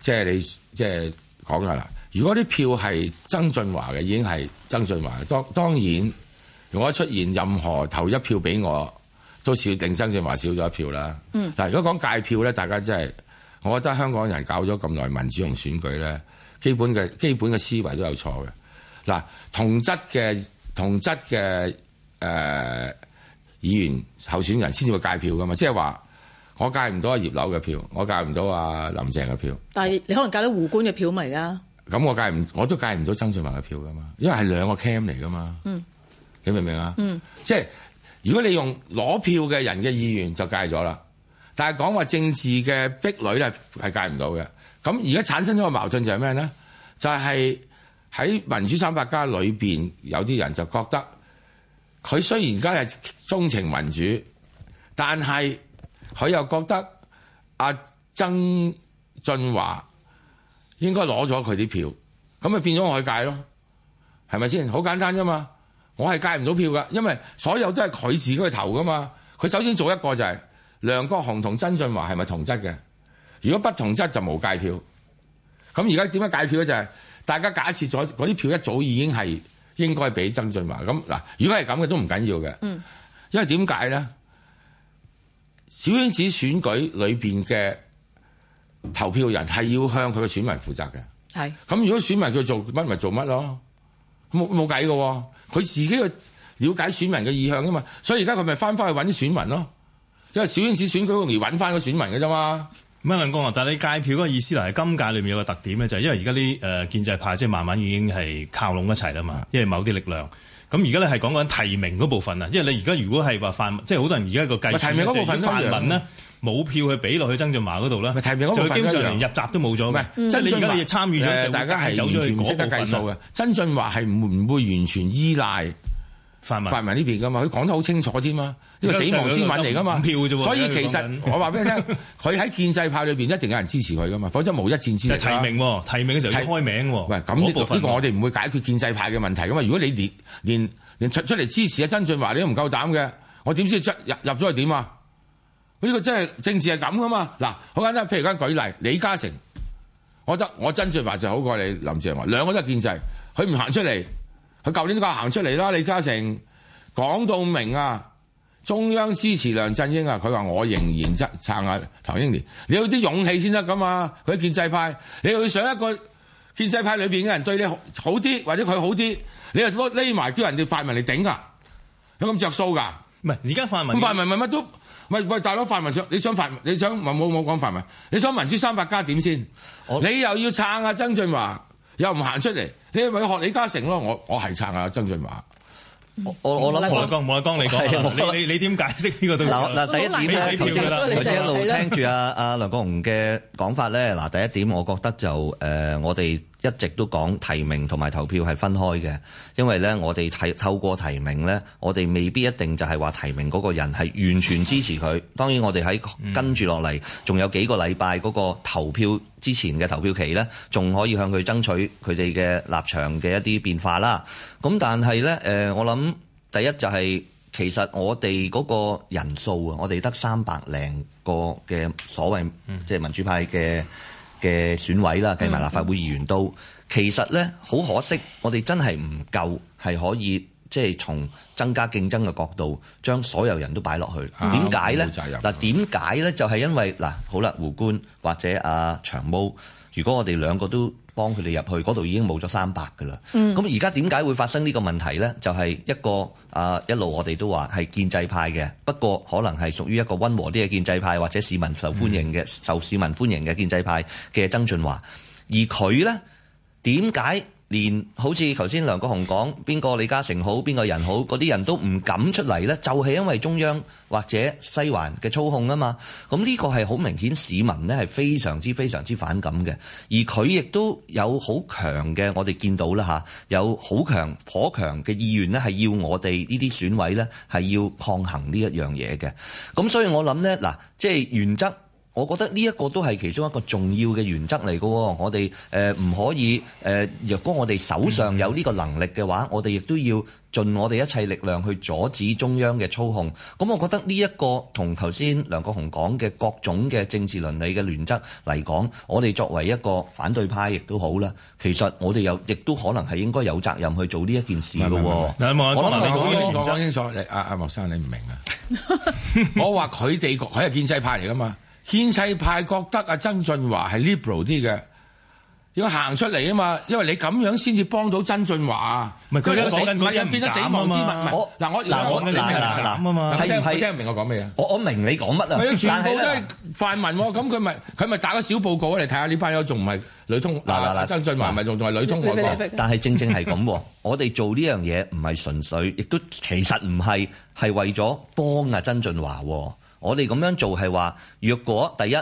S6: 即係你即係講下啦。如果啲票係曾俊華嘅，已經係曾俊華。當當然如果出現任何投一票俾我。都少，定曾俊華少咗一票啦。嗯、如果講界票咧，大家真係，我覺得香港人搞咗咁耐民主同選舉咧，基本嘅基本嘅思維都有錯嘅。嗱，同質嘅同質嘅誒、呃、議員候選人先至會界票噶嘛，即係話我戒唔到葉劉嘅票，我戒唔到啊林鄭嘅票。
S4: 但係你可能戒到胡官嘅票咪而
S6: 家。咁我戒唔，我都戒唔到曾俊華嘅票噶嘛，因為係兩個 cam 嚟噶嘛。嗯。你明唔明啊？嗯。即係。如果你用攞票嘅人嘅意願就戒咗啦，但係講話政治嘅壁壘咧係戒唔到嘅。咁而家產生咗個矛盾就係咩咧？就係、是、喺民主三百家裏邊有啲人就覺得佢雖然而家係鍾情民主，但係佢又覺得阿曾俊華應該攞咗佢啲票，咁咪變咗外戒咯？係咪先？好簡單啫嘛～我係戒唔到票噶，因為所有都係佢自己去投噶嘛。佢首先做一個就係梁國雄同曾俊華係咪同質嘅？如果不同質就冇戒票。咁而家點解戒票咧？就係大家假設咗嗰啲票一早已經係應該俾曾俊華。咁嗱，如果係咁嘅都唔緊要嘅，因為點解咧？小圈子選舉裏邊嘅投票人係要向佢嘅選民負責嘅。係。咁如果選民佢做乜咪做乜咯？冇冇計喎，佢自己去了解選民嘅意向啊嘛，
S7: 所以而家佢咪翻翻去搵啲選民咯，因為小圈子選舉容易搵翻個選民嘅啫嘛。莫乃光啊，但係你界票嗰個意思嚟，今界裏面有個特點咧，就係、是、因為而家啲誒建制派即係慢慢已經係靠攏一齊啦嘛，因為某啲力量。咁而家咧係講緊提名嗰部分啊，因為你而家如果係話泛，即係好多人而家個計，提名嗰部分泛民咧。冇票去俾落去曾俊華嗰度咧，佢經常連入閘都冇咗嘅。即係你而家嘅參與咗，大家係完全唔識得計
S6: 數嘅。曾俊華係唔唔會完全依賴泛民呢邊噶嘛？佢講得好清楚添嘛，呢個死亡之吻嚟噶嘛。票啫，所以其實我話俾你聽，佢 喺建制派裏邊一定有人支持佢噶嘛，否則冇一戰之提。提名提名就係開名喎。喂，咁呢、呢個我哋唔會解決建制派嘅問題噶嘛。如果你連連出出嚟支持阿曾俊華，你都唔夠膽嘅，我點知出入入咗去點啊？呢個真係政治係咁噶嘛？嗱，好簡單，譬如講舉例，李嘉誠，我覺得我曾俊華就好過你林鄭華，兩個都係建制，佢唔行出嚟，佢舊年都行出嚟啦。李嘉誠講到明啊，中央支持梁振英啊，佢話我仍然撐撐下唐英年，你有啲勇氣先得噶嘛。佢係建制派，你去想一個建制派裏邊嘅人對你好啲，或者佢好啲，你又匿埋叫人哋泛民嚟頂啊？有咁着數噶？唔係而家泛民，泛民咪乜都。唔喂！大佬泛民想你想泛，你想冇冇講泛民？你想民主三百家點先？你又要撐阿曾俊華，又唔行出嚟，你咪學李嘉誠咯！我我係撐阿曾俊華。我我諗，冇阿江，冇阿江，你講。
S7: 你你你點解釋呢個？嗱
S1: 嗱，第一點啦，我一路聽住阿阿梁國雄嘅講法咧。嗱，第一點，試試我，第一點我覺得就誒、呃，我哋。一直都講提名同埋投票係分開嘅，因為呢，我哋透過提名呢，我哋未必一定就係話提名嗰個人係完全支持佢。當然我哋喺跟住落嚟，仲有幾個禮拜嗰個投票之前嘅投票期呢，仲可以向佢爭取佢哋嘅立場嘅一啲變化啦。咁但係呢，誒我諗第一就係、係、其實我哋嗰個人數啊，我哋得三百零個嘅所謂即係民主派嘅。嘅選委啦，計埋立法會議員都、嗯，其實呢，好可惜，我哋真係唔夠，係可以即係、就是、從增加競爭嘅角度，將所有人都擺落去。點、啊、解呢？嗱，點解呢？就係、是、因為嗱，好啦，胡官或者阿長毛，如果我哋兩個都，幫佢哋入去，嗰度已經冇咗三百㗎喇。嗯，咁而家點解會發生呢個問題呢？就係、是、一個啊，一路我哋都話係建制派嘅，不過可能係屬於一個溫和啲嘅建制派，或者市民受歡迎嘅、受市民歡迎嘅建制派嘅曾俊華。而佢呢，點解？連好似頭先梁國雄講邊個李嘉誠好、邊個人好，嗰啲人都唔敢出嚟，呢就係因為中央或者西環嘅操控啊嘛。咁呢個係好明顯，市民呢係非常之非常之反感嘅，而佢亦都有好強嘅，我哋見到啦嚇，有好強、頗強嘅意願呢係要我哋呢啲選委呢係要抗衡呢一樣嘢嘅。咁所以我諗呢，嗱，即係原則。我覺得呢一個都係其中一個重要嘅原則嚟嘅，我哋誒唔可以誒。若果我哋手上有呢個能力嘅話，我哋亦都要盡我哋一切力量去阻止中央嘅操控。咁我覺得呢一個同頭先梁國雄講嘅各種嘅政治倫理嘅原則嚟講，我哋作為一個反對派亦都好啦。其實我哋有亦都可能係應該有責任去做呢一件事咯。我同你講清
S6: 楚，阿阿莫生你唔明啊？我話佢哋佢係建制派嚟噶嘛。建制派覺得阿曾俊華係 liberal 啲嘅，要行出嚟啊嘛，因為你咁樣先至幫到曾俊華啊。佢啲死黨變咗死亡之吻。我嗱我嗱我嗱嗱嗱，係係聽唔明我講咩啊？我我明，是是明我，我，我明你講乜啊？佢全部都係泛民喎，咁佢咪
S1: 佢咪打個小報告嚟睇下呢班友仲唔係女通嗱嗱嗱？曾俊華咪仲仲係女通，但係正正係咁喎， 我哋做呢樣嘢唔係純粹，亦都其實唔係係為咗幫阿曾俊華。我哋咁樣做係話，若果第一，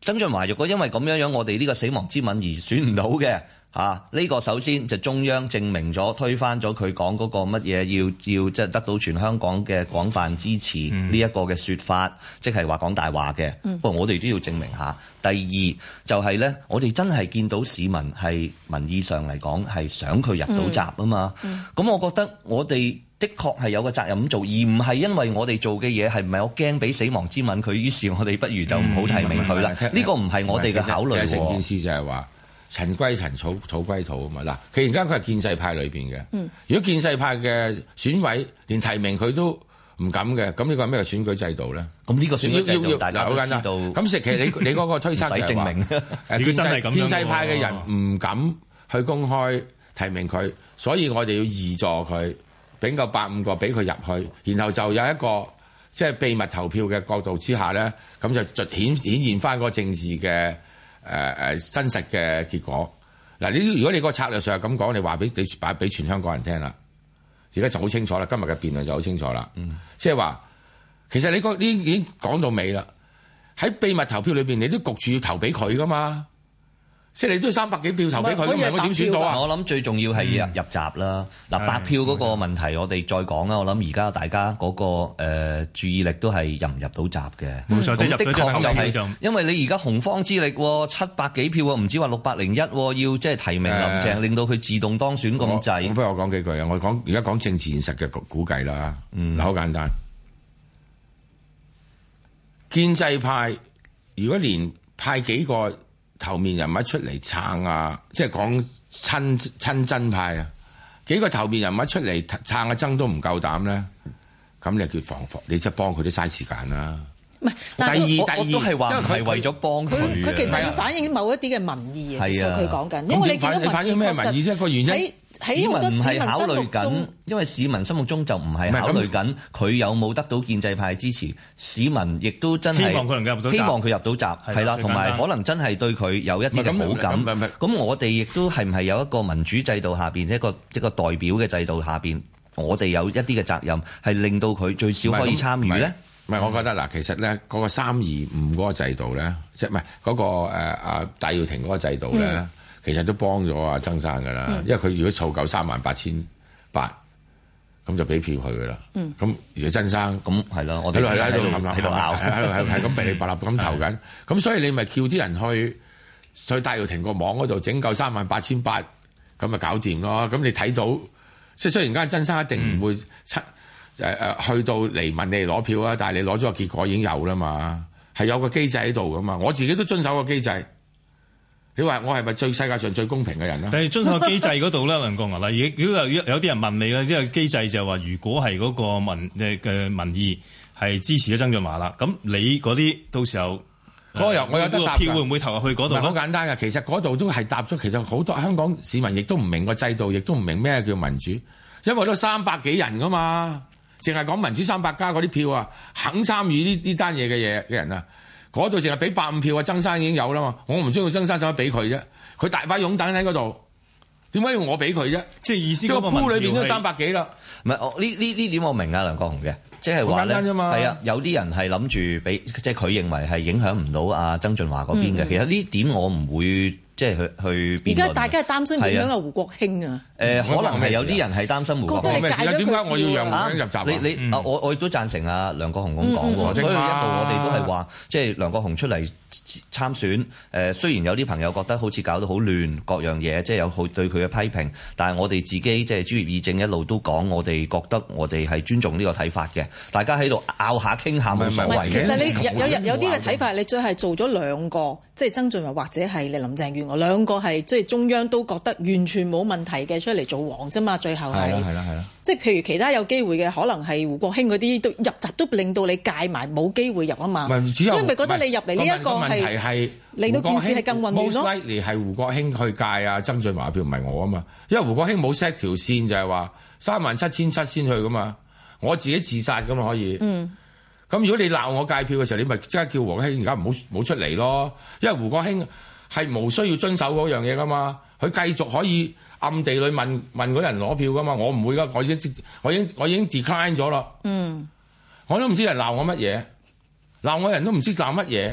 S1: 曾俊華若果因為咁樣樣，我哋呢個死亡之吻而選唔到嘅，嚇，啊，呢個首先就中央證明咗推翻咗佢講嗰個乜嘢要要即係得到全香港嘅廣泛支持呢一個嘅說法，即係話講大話嘅。不過，嗯，我哋都要證明下。第二就係呢，我哋真係見到市民係民意上嚟講係想佢入到閘啊嘛。咁，嗯嗯，我覺得我哋。的確係有個責任做，而唔係因為我哋做嘅嘢係唔係我驚俾死亡之吻佢，於是我哋不如就唔好提名佢啦。呢、嗯呢個唔係我哋嘅考慮。成件事就係話，塵歸塵，草草歸土啊嘛。嗱，
S6: 佢而家佢係建制派裏邊嘅。如果建制派嘅選委連提名佢都唔敢嘅，咁呢個係咩選舉制度咧？咁、嗯、呢個選舉制度大咁其實你你嗰個推測就係話， 如果真係建制派嘅人唔敢去公開提名佢，啊，所以我哋要協助佢。俾夠百五個俾佢入去，然後就有一個即係、就是、秘密投票嘅角度之下咧，咁就就顯顯現翻個政治嘅誒、呃、真實嘅結果。嗱，如果你個策略上係咁講，你話俾你擺俾全香港人聽啦，而家就好清楚啦。今日嘅辯論就好清楚啦。即係話，其實你個呢已經講到尾啦。喺秘密投票裏面，你都焗
S1: 住要投俾佢噶嘛。即係你都要三百幾他票投俾佢咁，佢點選到，我諗最重要係入、嗯、入閘啦。嗱、嗯，八票嗰個問題，我哋再講啦。我諗而家大家嗰、那個、呃、注意力都係入唔入到閘嘅。冇錯，即係的確就係。因為你而家洪荒之力七百幾票喎，唔止話六百零一，要即係提名林鄭，啊、令到佢自動當選咁滯。不如我講幾句啊！我講而家講政治現實嘅估計啦。嗯，好簡單。
S6: 建制派如果連派幾個頭面人物出嚟撐啊，即係講親親真派啊，幾個頭面人物出嚟撐啊，爭都唔夠膽咧，咁你叫防防，你即係幫佢都嘥時間啦、
S4: 啊。唔係，第二第二，我我都為因為佢為咗幫佢，佢其實要反映某一啲嘅民意，其實民意，其實民意啊，所以佢講緊。因反你，你反映咩民意？即係個原因。市民唔係考慮緊，
S1: 因為市民心目中就唔係考慮緊佢有冇得到建制派支持。市民亦都真係希望佢入到閘，係啦，同埋可能真係對佢有一啲好感。咁我哋亦都係唔係有一個民主制度下邊一個一個代表嘅制度下邊，我哋有一啲嘅責任，係令到佢最少可以參與咧。唔係，我覺得嗱，其實咧嗰個三二五嗰個制度咧，即係唔係
S6: 嗰個誒、阿、戴耀廷嗰個制度咧？嗯其實都幫咗阿曾生噶啦，因為佢如果湊夠三萬八千八，咁就俾票佢噶啦。咁而家曾生咁係咯，喺度喺度鬧，喺度拗，喺度喺度係咁鼻你拔辣咁投緊。咁所以你咪叫啲人去去戴耀廷個網嗰度整夠三萬八千八，咁咪搞掂咯。咁你睇到即係雖然而家曾生一定唔會七誒誒去到嚟問你攞票啊，但係你攞咗個結果已經有啦嘛，係有個機制喺度噶嘛。我自己都遵守個機制。你話我係咪最世界上最公平嘅人咧？但係遵守機制嗰
S7: 度咧，梁國雄。如，如果有啲人問你咧，因為機制就係話，如果係嗰個民嘅民意係支持咗曾俊華啦，咁你嗰啲到時候嗰日、那個、我有得、那個、票會唔會投入去嗰度？好
S6: 簡單㗎。其實嗰度都係答咗，其實好多香港市民亦都唔明個制度，亦都唔明咩叫民主，因為都三百幾人噶嘛，淨係講民主三百家嗰啲票啊，肯參與呢呢單嘢嘅嘢嘅人啊。嗰度成日俾百五票啊，曾生已經有啦嘛，我唔需要曾生使乜俾佢啫，佢大把擁躉喺嗰度，點解要我俾佢
S1: 啫？即係意思個係，個鋪裏面都三百幾啦。唔呢呢呢點我明啊，梁國雄嘅、就是，即係話咧，係啊，有啲人係諗住俾，即係佢認為係影響唔到啊曾俊華嗰邊嘅、嗯嗯。其實呢點我唔會即係去去。去而家大家係擔心影響阿
S4: 胡國興啊。
S1: 誒、呃嗯，可能係有啲人係擔心胡國光，點解、啊啊、我要讓佢入閘、啊啊？你你、嗯啊、我我亦都贊成啊，梁國雄講喎、嗯嗯嗯。所以一路我哋都係話，即、就、係、是、梁國雄出嚟參選。誒、呃，雖然有啲朋友覺得好似搞到好亂，各樣嘢，即、就、係、是、有好對佢嘅批評，但係我哋自己即係專業議政一路都講，我哋覺得我哋係尊重呢個睇法嘅。大家喺度拗下傾下冇所謂。其實你、嗯、有有啲嘅睇
S4: 法，你最係做咗兩個，即係曾俊華或者係你林鄭月娥兩個係即係中央都覺得完全冇問題嘅。出嚟做王啫嘛，最後係，即係譬如其他有機會嘅，可能係胡國興嗰啲都入閘，都令到你戒埋冇機會入啊嘛。所以咪覺得你入嚟呢一個係
S6: 令到件事係更混亂咯。Mostly 係胡國興去戒啊，曾俊華票唔係我啊嘛，因為胡國興冇 set 條線就係話三萬七千七先去噶嘛，我自己自殺咁可以。嗯。咁如果你鬧我戒票嘅時候，你咪即刻叫胡國興而家唔好唔好出嚟咯，因為胡國興係冇需要遵守嗰樣嘢噶嘛，佢繼續可以。暗地裏問問嗰人攞票噶嘛？我唔會噶，我已經我已經我已 decline 咗啦。嗯，我都唔知人鬧我乜嘢，鬧我人都唔知鬧乜嘢。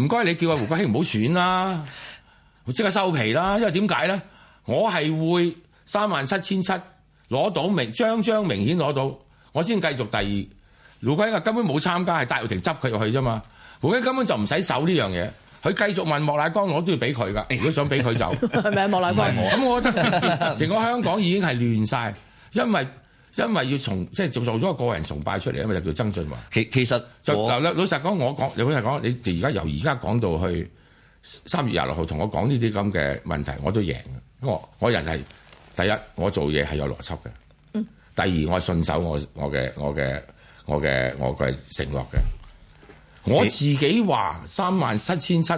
S6: 唔該，你叫阿胡國興唔好選啦，即刻收皮啦。因為點解咧？我係會三萬七千七攞到將將明，張張明顯攞到，我先繼續第二。胡國興啊，根本冇參加，係戴耀廷執佢入去啫嘛。胡國興根本就唔使守呢樣嘢。佢繼續問莫乃光，我都要俾佢噶。如果想俾佢走，
S4: 係咪啊？莫乃光咁，我覺得
S6: 成個香港已經係亂晒，因為因為要從即係做做咗個人崇拜出嚟，因為就叫曾俊華。其其實就老實實講，我講你老實講，你哋而家由而家講到去三月廿六號同我講呢啲咁嘅問題，我都贏。我我人係第一，我做嘢係有邏輯嘅。嗯，第二我係信守我我嘅我嘅我嘅我嘅承諾嘅。我自己話三萬七千七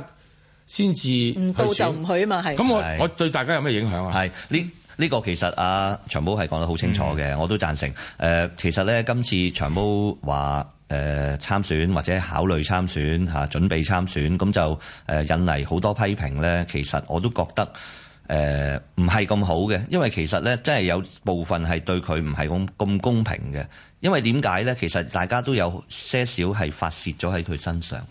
S1: 先至，唔到就唔
S4: 去嘛，係。咁我我
S1: 對大家有咩影響啊？係呢呢個其實啊，長毛係講得好清楚嘅、嗯，我都贊成。誒、呃，其實咧，今次長毛話誒參選或者考慮參選嚇、啊，準備參選，咁就誒引嚟好多批評咧。其實我都覺得誒唔係咁好嘅，因為其實咧，真係有部分係對佢唔係咁咁公平嘅。因為點解呢？其實大家都有些少係發泄咗喺佢身上。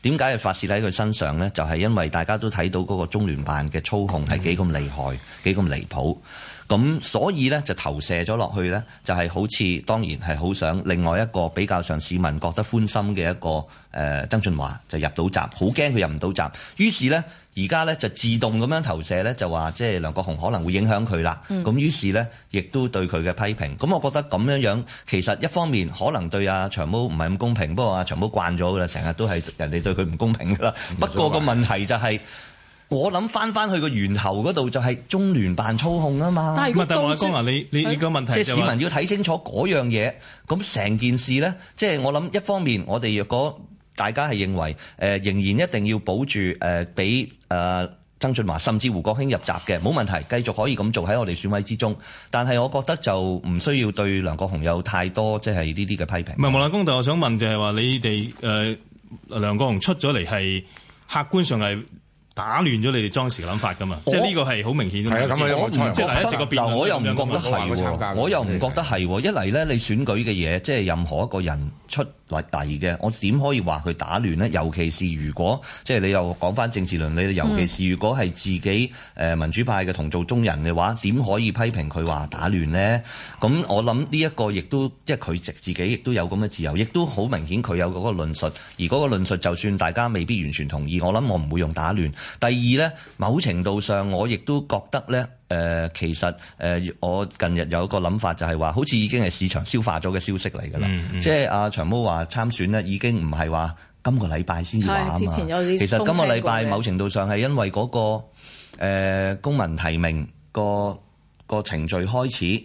S1: 點解係發泄喺佢身上呢？就係、是、因為大家都睇到嗰個中聯辦嘅操控係幾咁厲害，幾、嗯、咁離譜。咁所以呢，就投射咗落去呢，就係、是、好似當然係好想另外一個比較上市民覺得歡心嘅一個誒、呃，曾俊華就入到閘，好驚佢入唔到閘。於是呢。而家咧就自動咁樣投射咧，就話即係梁國雄可能會影響佢啦。咁、嗯、於是咧，亦都對佢嘅批評。咁我覺得咁樣樣，其實一方面可能對阿長毛唔係咁公平，不過阿長毛慣咗噶啦，成日都係人哋對佢唔公平噶啦、嗯。不過個問題就係、是嗯，我諗翻翻去個源頭嗰度，就係、是、中聯辦操控啊嘛。但係我講啊，你你你個問題即、就、係、是欸、市民要睇清楚嗰樣嘢，咁成件事咧，即係我諗一方面，我哋若果大家係認為誒、呃、仍然一定要保住誒俾誒曾俊華甚至胡國興入閘嘅冇問題，繼續可以咁做喺我哋選委之中。但係我覺得就唔需要對梁國雄有太多即係呢啲嘅批評。
S7: 唔係無論公道，我想問就係、是、話你哋誒、呃、梁國雄出咗嚟係客觀上係打亂咗你哋當時嘅諗法㗎嘛？即係呢個係好明顯。係啊，咁我即係一直個變動。我又唔覺得係，
S1: 我又唔覺得係。一嚟咧，你選舉嘅嘢，即係任何一個人出。第嘅我點可以話佢打亂呢？尤其是如果即係你又講返政治倫理，尤其是如果係自己誒民主派嘅同做中人嘅話，點可以批評佢話打亂呢？咁我諗呢一個亦都即係佢直自己亦都有咁嘅自由，亦都好明顯佢有嗰個論述，而嗰個論述就算大家未必完全同意，我諗我唔會用打亂。第二呢，某程度上我亦都覺得呢。誒、呃，其實誒、呃，我近日有一個諗法，就係、是、話好似已經係市場消化咗嘅消息嚟噶啦。即係阿、啊、長毛話參選呢，已經唔係話今個禮拜先至話啊嘛、嗯之前有。其實今個禮拜某程度上係因為嗰、那個誒、呃、公民提名個、那個程序開始。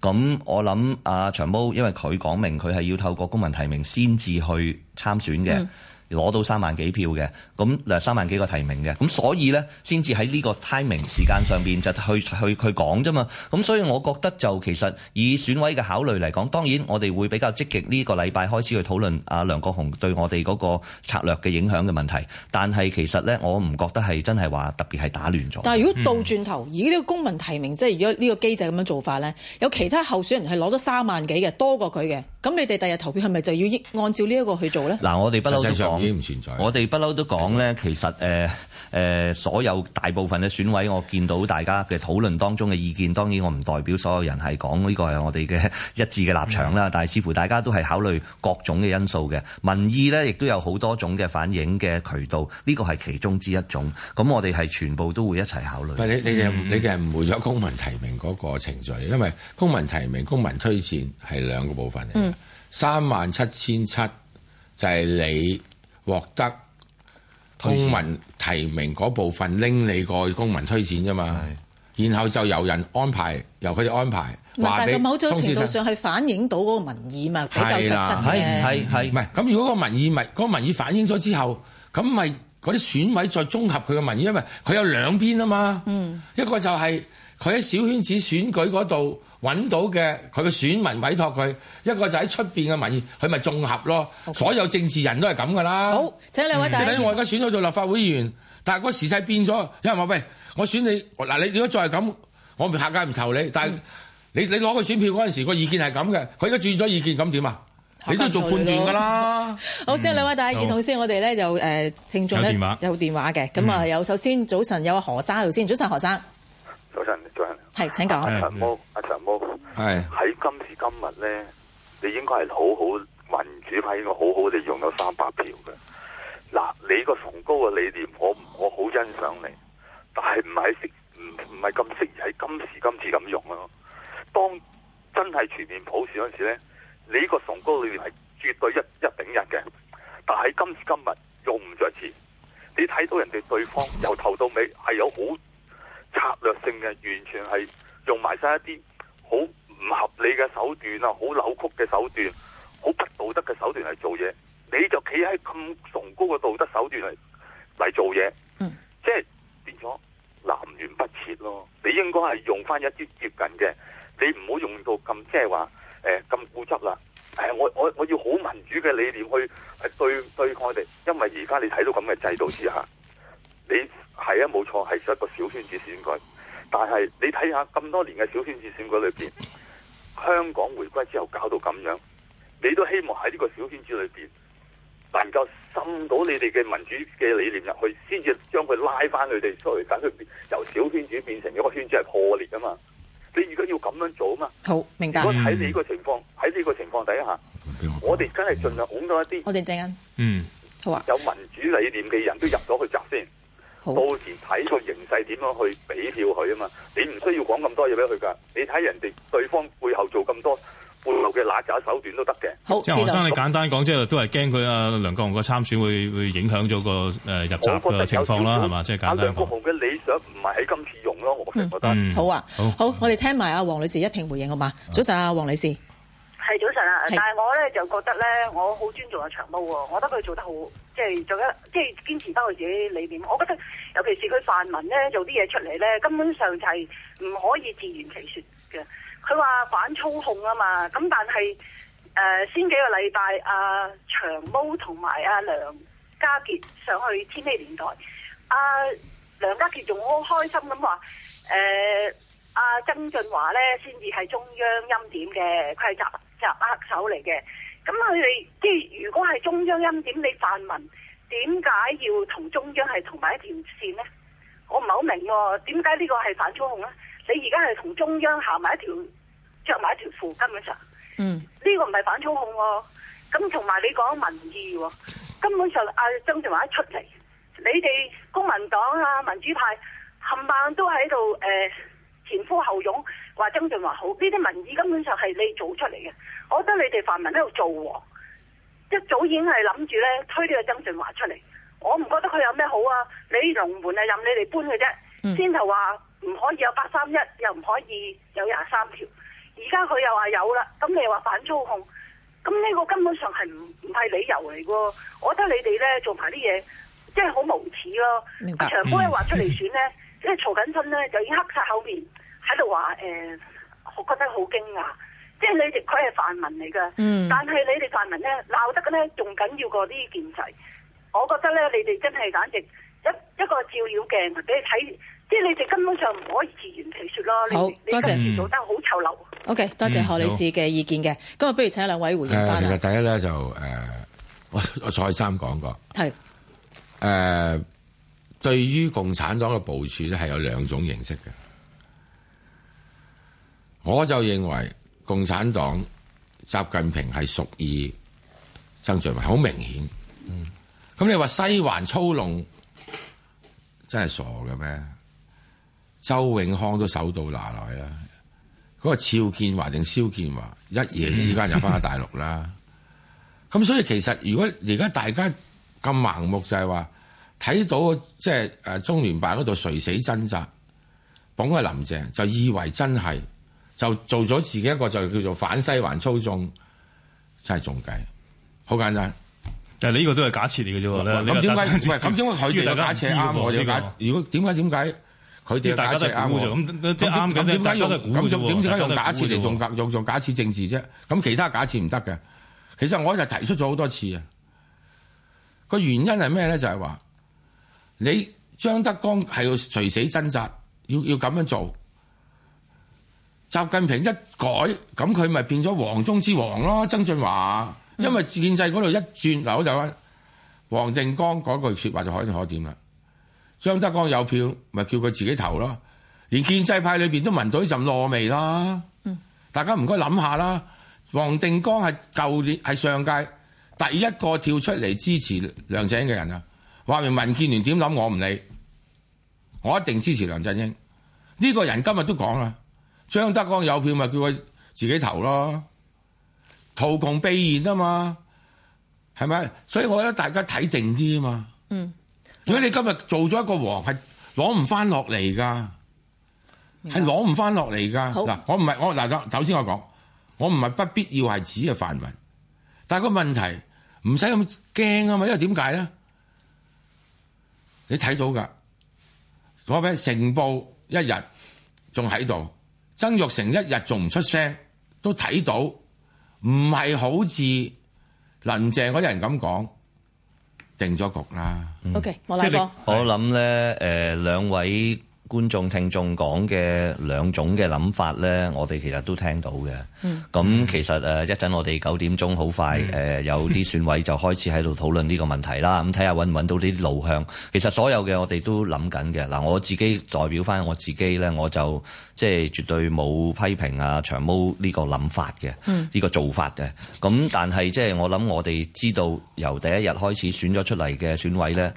S1: 咁我諗阿、啊、長毛，因為佢講明佢係要透過公民提名先至去參選嘅。嗯攞到三萬幾票嘅，咁嗱三萬幾個提名嘅，咁所以咧，先至喺呢個 timing 時間上邊就去去去講啫嘛。咁所以，我覺得就其實以選委嘅考慮嚟講，當然我哋會比較積極呢個禮拜開始去討論阿梁國雄對我哋嗰個策略嘅影響嘅問題。但係其實咧，我唔覺得係真係話特別係打亂咗。但係如果倒
S4: 轉頭而家呢、嗯、個公民提名即係如果呢個機制咁樣做法咧，有其他候選人係攞咗三萬幾嘅多過佢嘅。咁你哋第日投票係咪就要按照呢一個去做呢？嗱，我哋不
S1: 嬲都講，我哋不嬲都講呢。其實誒、呃呃、所有大部分嘅選委，我見到大家嘅討論當中嘅意見，當然我唔代表所有人係講呢個係我哋嘅一致嘅立場啦。但係似乎大家都係考慮各種嘅因素嘅民意呢，亦都有好多種嘅反映嘅渠道，呢個係其中之一種。咁我哋係全部都會一齊考慮、嗯。你哋你哋係誤會咗公民提
S6: 名嗰個程序，因為公民提名、公民推薦係兩個部分、嗯。三萬七千七就係你獲得公民提名嗰部分拎你個公民推薦啫嘛，然後就由人安排，由佢哋安排。但係某種程度上
S4: 係反映到嗰個民意嘛，比較實質嘅。係係
S6: 係。唔係咁，如果個民意咪，嗰個民意反映咗之後，咁咪嗰啲選委再綜合佢嘅民意，因為佢有兩邊啊嘛。
S8: 嗯，
S6: 一個就係佢喺小圈子選舉嗰度。揾到嘅佢嘅選民委託佢，一個就喺出面嘅民意，佢咪綜合咯。Okay. 所有政治人都係咁噶啦。好，請兩位大。即係我而家選咗做立法會議員，但係嗰時勢變咗，有人話：喂，我選你嗱，你如果再係咁，我咪下屆唔投你。但係你你攞個選票嗰陣時，個意見係咁嘅，佢而家轉咗意見，咁點啊？你
S4: 都要做判斷㗎啦。好，即係兩位大見同先，我哋咧就誒聽眾咧有電話嘅。咁啊，有、嗯、首先早晨有阿何生喺度先，早晨有何生。早晨，早晨係，請講
S5: 阿長毛，阿長毛係喺今時今日咧，你應該係好好民主派應該好好地用咗三百票嘅。嗱，你個崇高嘅理念，我我好欣賞你，但係唔係適唔唔係咁適宜喺今時今次咁用咯。當真係全面普選嗰陣時咧，你呢個崇高理念係絕對一一頂一嘅，但係今時今日用唔着錢，你睇到人哋對方由頭到尾係有好。策略性嘅，完全係用埋晒一啲好唔合理嘅手段啊，好扭曲嘅手段，好不道德嘅手段嚟做嘢。你就企喺咁崇高嘅道德手段嚟嚟做嘢，嗯，即係變咗南轅北轍咯。你應該係用翻一啲接近嘅，你唔好用到咁即係話誒咁固執啦。誒、欸、我我我要好民主嘅理念去對對抗我哋，因為而家你睇到咁嘅制度之下。你係啊，冇錯，係一個小圈子選舉。但係你睇下咁多年嘅小圈子選舉裏邊，香港回歸之後搞到咁樣，你都希望喺呢個小圈子裏邊，能夠滲到你哋嘅民主嘅理念入去，先至將佢拉翻佢哋，所以等佢由小圈子變成一個圈子係破裂㗎嘛。你如果要咁樣做啊嘛。
S4: 好，明白。如果喺你呢
S5: 個情況喺呢個情況底下，我哋真係盡量哄到一啲，
S4: 我哋陣間嗯好
S5: 啊，有民主理念嘅人都入咗去集先。到時睇個形勢點樣去比票佢啊嘛，你唔需要講咁多嘢俾佢噶，你睇人哋對方背後做咁多半路嘅揦爪手段都得嘅。好，即係黃生，你
S7: 簡單講，即係都係驚佢啊梁國雄個參選會會影響咗個誒入閘嘅情況啦，係嘛？即係簡單
S5: 講。阿梁國雄嘅理想唔係喺今次用咯，我覺得,、就是啊不我覺得嗯嗯。好
S4: 啊，好，好好我哋聽埋阿黃女士一評回應好嘛、嗯？早晨啊，黃女士，係早晨啊，但係我咧就覺
S8: 得咧，我好尊重阿、啊、長毛、啊、我覺得佢做得好。即係做一，即係堅持翻佢自己理念。我覺得，尤其是佢泛民咧做啲嘢出嚟咧，根本上就係唔可以自圓其說嘅。佢話反操控啊嘛，咁但係誒、呃、先幾個禮拜，阿、啊、長毛同埋阿梁家傑上去千禧年代，阿、啊、梁家傑仲好開心咁話，誒、呃、阿、啊、曾俊華咧先至係中央欽點嘅，佢係習、習握手嚟嘅。咁佢哋即係如果係中央欽點你泛民，點解要同中央係同埋一條線呢？我唔係好明喎，哦，點解呢個係反操控呢？你而家係同中央行埋一條着埋一條褲，根本上，嗯、呢，這個唔係反操控，哦。咁同埋你講民意，哦，根本上阿曾俊華一出嚟，你哋公民黨啊、民主派冚唪唥都喺度，呃、前呼後擁。話曾俊華好，呢啲民意根本上係你做出嚟嘅，我覺得你哋泛民喺度做，一早已經係諗住咧推呢個曾俊華出嚟。我唔覺得佢有咩好啊！你龍門啊任你哋搬嘅啫，嗯，先頭話唔可以有八三一，又唔可以有廿三條，而家佢又話有啦。咁你又話反操控，咁呢個根本上係唔唔係理由嚟噶？我覺得你哋咧做埋啲嘢，即係好無恥咯。明、嗯、白，長毛一話出嚟選咧，嗯嗯，即係曹錦春咧就已經黑晒口面。喺度話誒，我、呃、覺得好驚訝，即係你哋佢係泛民嚟噶、嗯，但係你哋泛民咧鬧得嘅咧，仲緊要過呢件事。我覺得咧，你哋真係簡直一一個照妖鏡，俾你睇，即係你哋根本上唔可以自圓其說咯。好，多謝，謝。
S4: 做得好醜陋、嗯、好。O、okay, K，多謝何女士嘅意見嘅、嗯。今日不如請兩位回應翻、呃、其實第一
S6: 咧就誒、呃，我我，我再三講過。
S4: 係。誒、
S6: 呃，對於共產黨嘅部署咧，係有兩種形式嘅。我就認為共產黨習近平係屬意曾俊華，好明顯。咁你話西環操弄真係傻嘅咩？周永康都手到拿來啦。嗰、嗰個肖建華定蕭建華一夜之間就返咗大陸啦。咁 所以其實如果而家大家咁盲目就是，看到就係話睇到即係誒中聯辦嗰度垂死掙扎，捧個林鄭，就以為真係。就做咗自己一個就叫做反西環操縱，真係中計，好簡單。但係你呢個都係假設嚟嘅啫。咁點解咁點解佢啲假設啱？我哋、這個這個、如果點解點解佢啲假設啱嘅？咁即係啱。咁點解用假設嚟中計？用用假設政治啫。咁其他假設唔得嘅。其實我就提出咗好多次啊。個原因係咩咧？就係、是、話你張德江係要垂死掙扎，要要咁樣做。習近平一改咁，佢咪變咗王中之王咯？曾俊華，因為建制嗰度一轉嗱，我、嗯、有黃定光嗰句説話就可點可點啦。張德江有票，咪叫佢自己投咯。連建制派裏面都聞到一陣羅味啦、嗯。大家唔該諗下啦。黃定光係舊年係上屆第一個跳出嚟支持梁振英嘅人啊，話明民建聯點諗，我唔理，我一定支持梁振英呢、呢個人今。今日都講啦張德江有票，咪叫佢自己投咯，圖窮匕現啊嘛，係咪？所以我覺得大家睇定啲啊嘛。嗯。如果你今日做咗一個王，係攞唔翻落嚟噶，係攞唔翻落嚟噶。嗱，我唔係我嗱，頭先我講，我唔係不，不必要係指嘅範圍，但係個問題唔使咁驚啊嘛，因為點解咧？你睇到噶，我俾成報一日仲喺度。曾玉成一日仲唔出聲，都睇到唔係好似林
S1: 鄭嗰啲人咁講，定咗局啦。
S4: OK，冇啦，
S6: 我
S1: 諗咧，誒、呃、兩位。觀眾、聽眾講嘅兩種嘅諗法咧，我哋其實都聽到嘅。咁、嗯、其實誒一陣，我哋九點鐘好快誒、嗯呃、有啲選委就開始喺度討論呢個問題啦。咁睇下搵唔揾到啲路向。其實所有嘅我哋都諗緊嘅。嗱，我自己代表翻我自己咧，我就即係、就是、絕對冇批評啊長毛呢個諗法嘅，呢、嗯呢個做法嘅。咁但係即係我諗，我哋知道由第一日開始選咗出嚟嘅選委咧。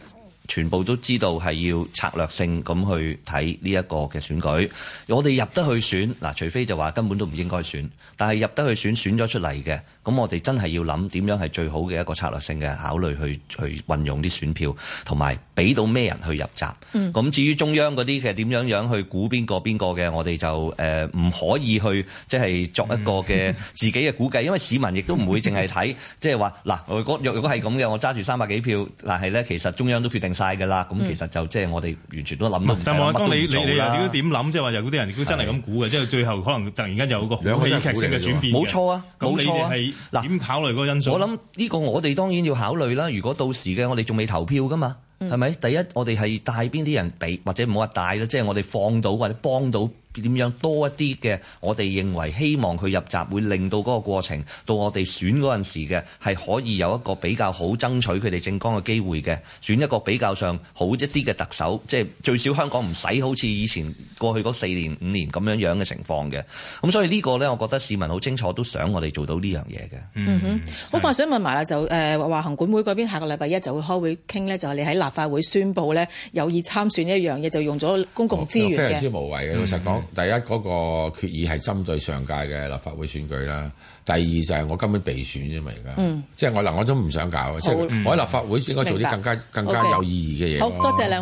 S1: 全部都知道係要策略性咁去睇呢一個嘅選舉，我哋入得去選，嗱，除非就話根本都唔應該選，但係入得去選，選咗出嚟嘅。咁我哋真係要諗點樣係最好嘅一個策略性嘅考慮，去去運用啲選票，同埋俾到咩人去入閘。咁、嗯、至於中央嗰啲其實點樣樣去估邊個邊個嘅，我哋就誒唔、呃、可以去即係、就是、作一個嘅自己嘅估計、嗯，因為市民亦都唔會淨係睇，即係話嗱，若果係咁嘅，我揸住三百幾票，但係咧其實中央都決定晒㗎啦。咁、嗯、其實就即係、就是、我哋完全都諗都唔得乜做啦。但係你你你又點
S7: 點諗？即係話有嗰啲人都真係咁估嘅，即係、就是、最後
S1: 可能突然間有個好戲劇性嘅轉變，冇錯啊，冇錯、啊。嗱，點考慮嗰個因素？我諗呢個我哋當然要考慮啦。如果到時嘅我哋仲未投票㗎嘛，係、嗯、咪？第一，我哋係帶邊啲人俾，或者唔好話帶啦，即、就、係、是、我哋放到或者幫到。點樣多一啲嘅？我哋認為希望佢入閘，會令到嗰個過程到我哋選嗰陣時嘅，係可以有一個比較好爭取佢哋政綱嘅機會嘅，選一個比較上好一啲嘅特首，即係最少香港唔使好似以前過去嗰四年五年咁樣樣嘅情況嘅。咁所以呢個呢，我覺得市民好清楚，都想我哋做到呢樣嘢嘅。嗯
S4: 哼，好快想問埋啦，就誒話行管會嗰邊下個禮拜一就會開會傾呢，就係你喺立法會宣布呢有意參選呢一樣嘢，就用咗公共資源嘅。哦、非常之無謂嘅，老實講。嗯
S6: 第一嗰個決議係針對上屆嘅立法會選舉啦，第二就係我根本備選啫嘛而家，嗯，即係我嗱我都唔想搞，即係我喺立法會應該做啲更加更加有意義嘅嘢。Okay. 好，哦，多
S4: 謝兩位。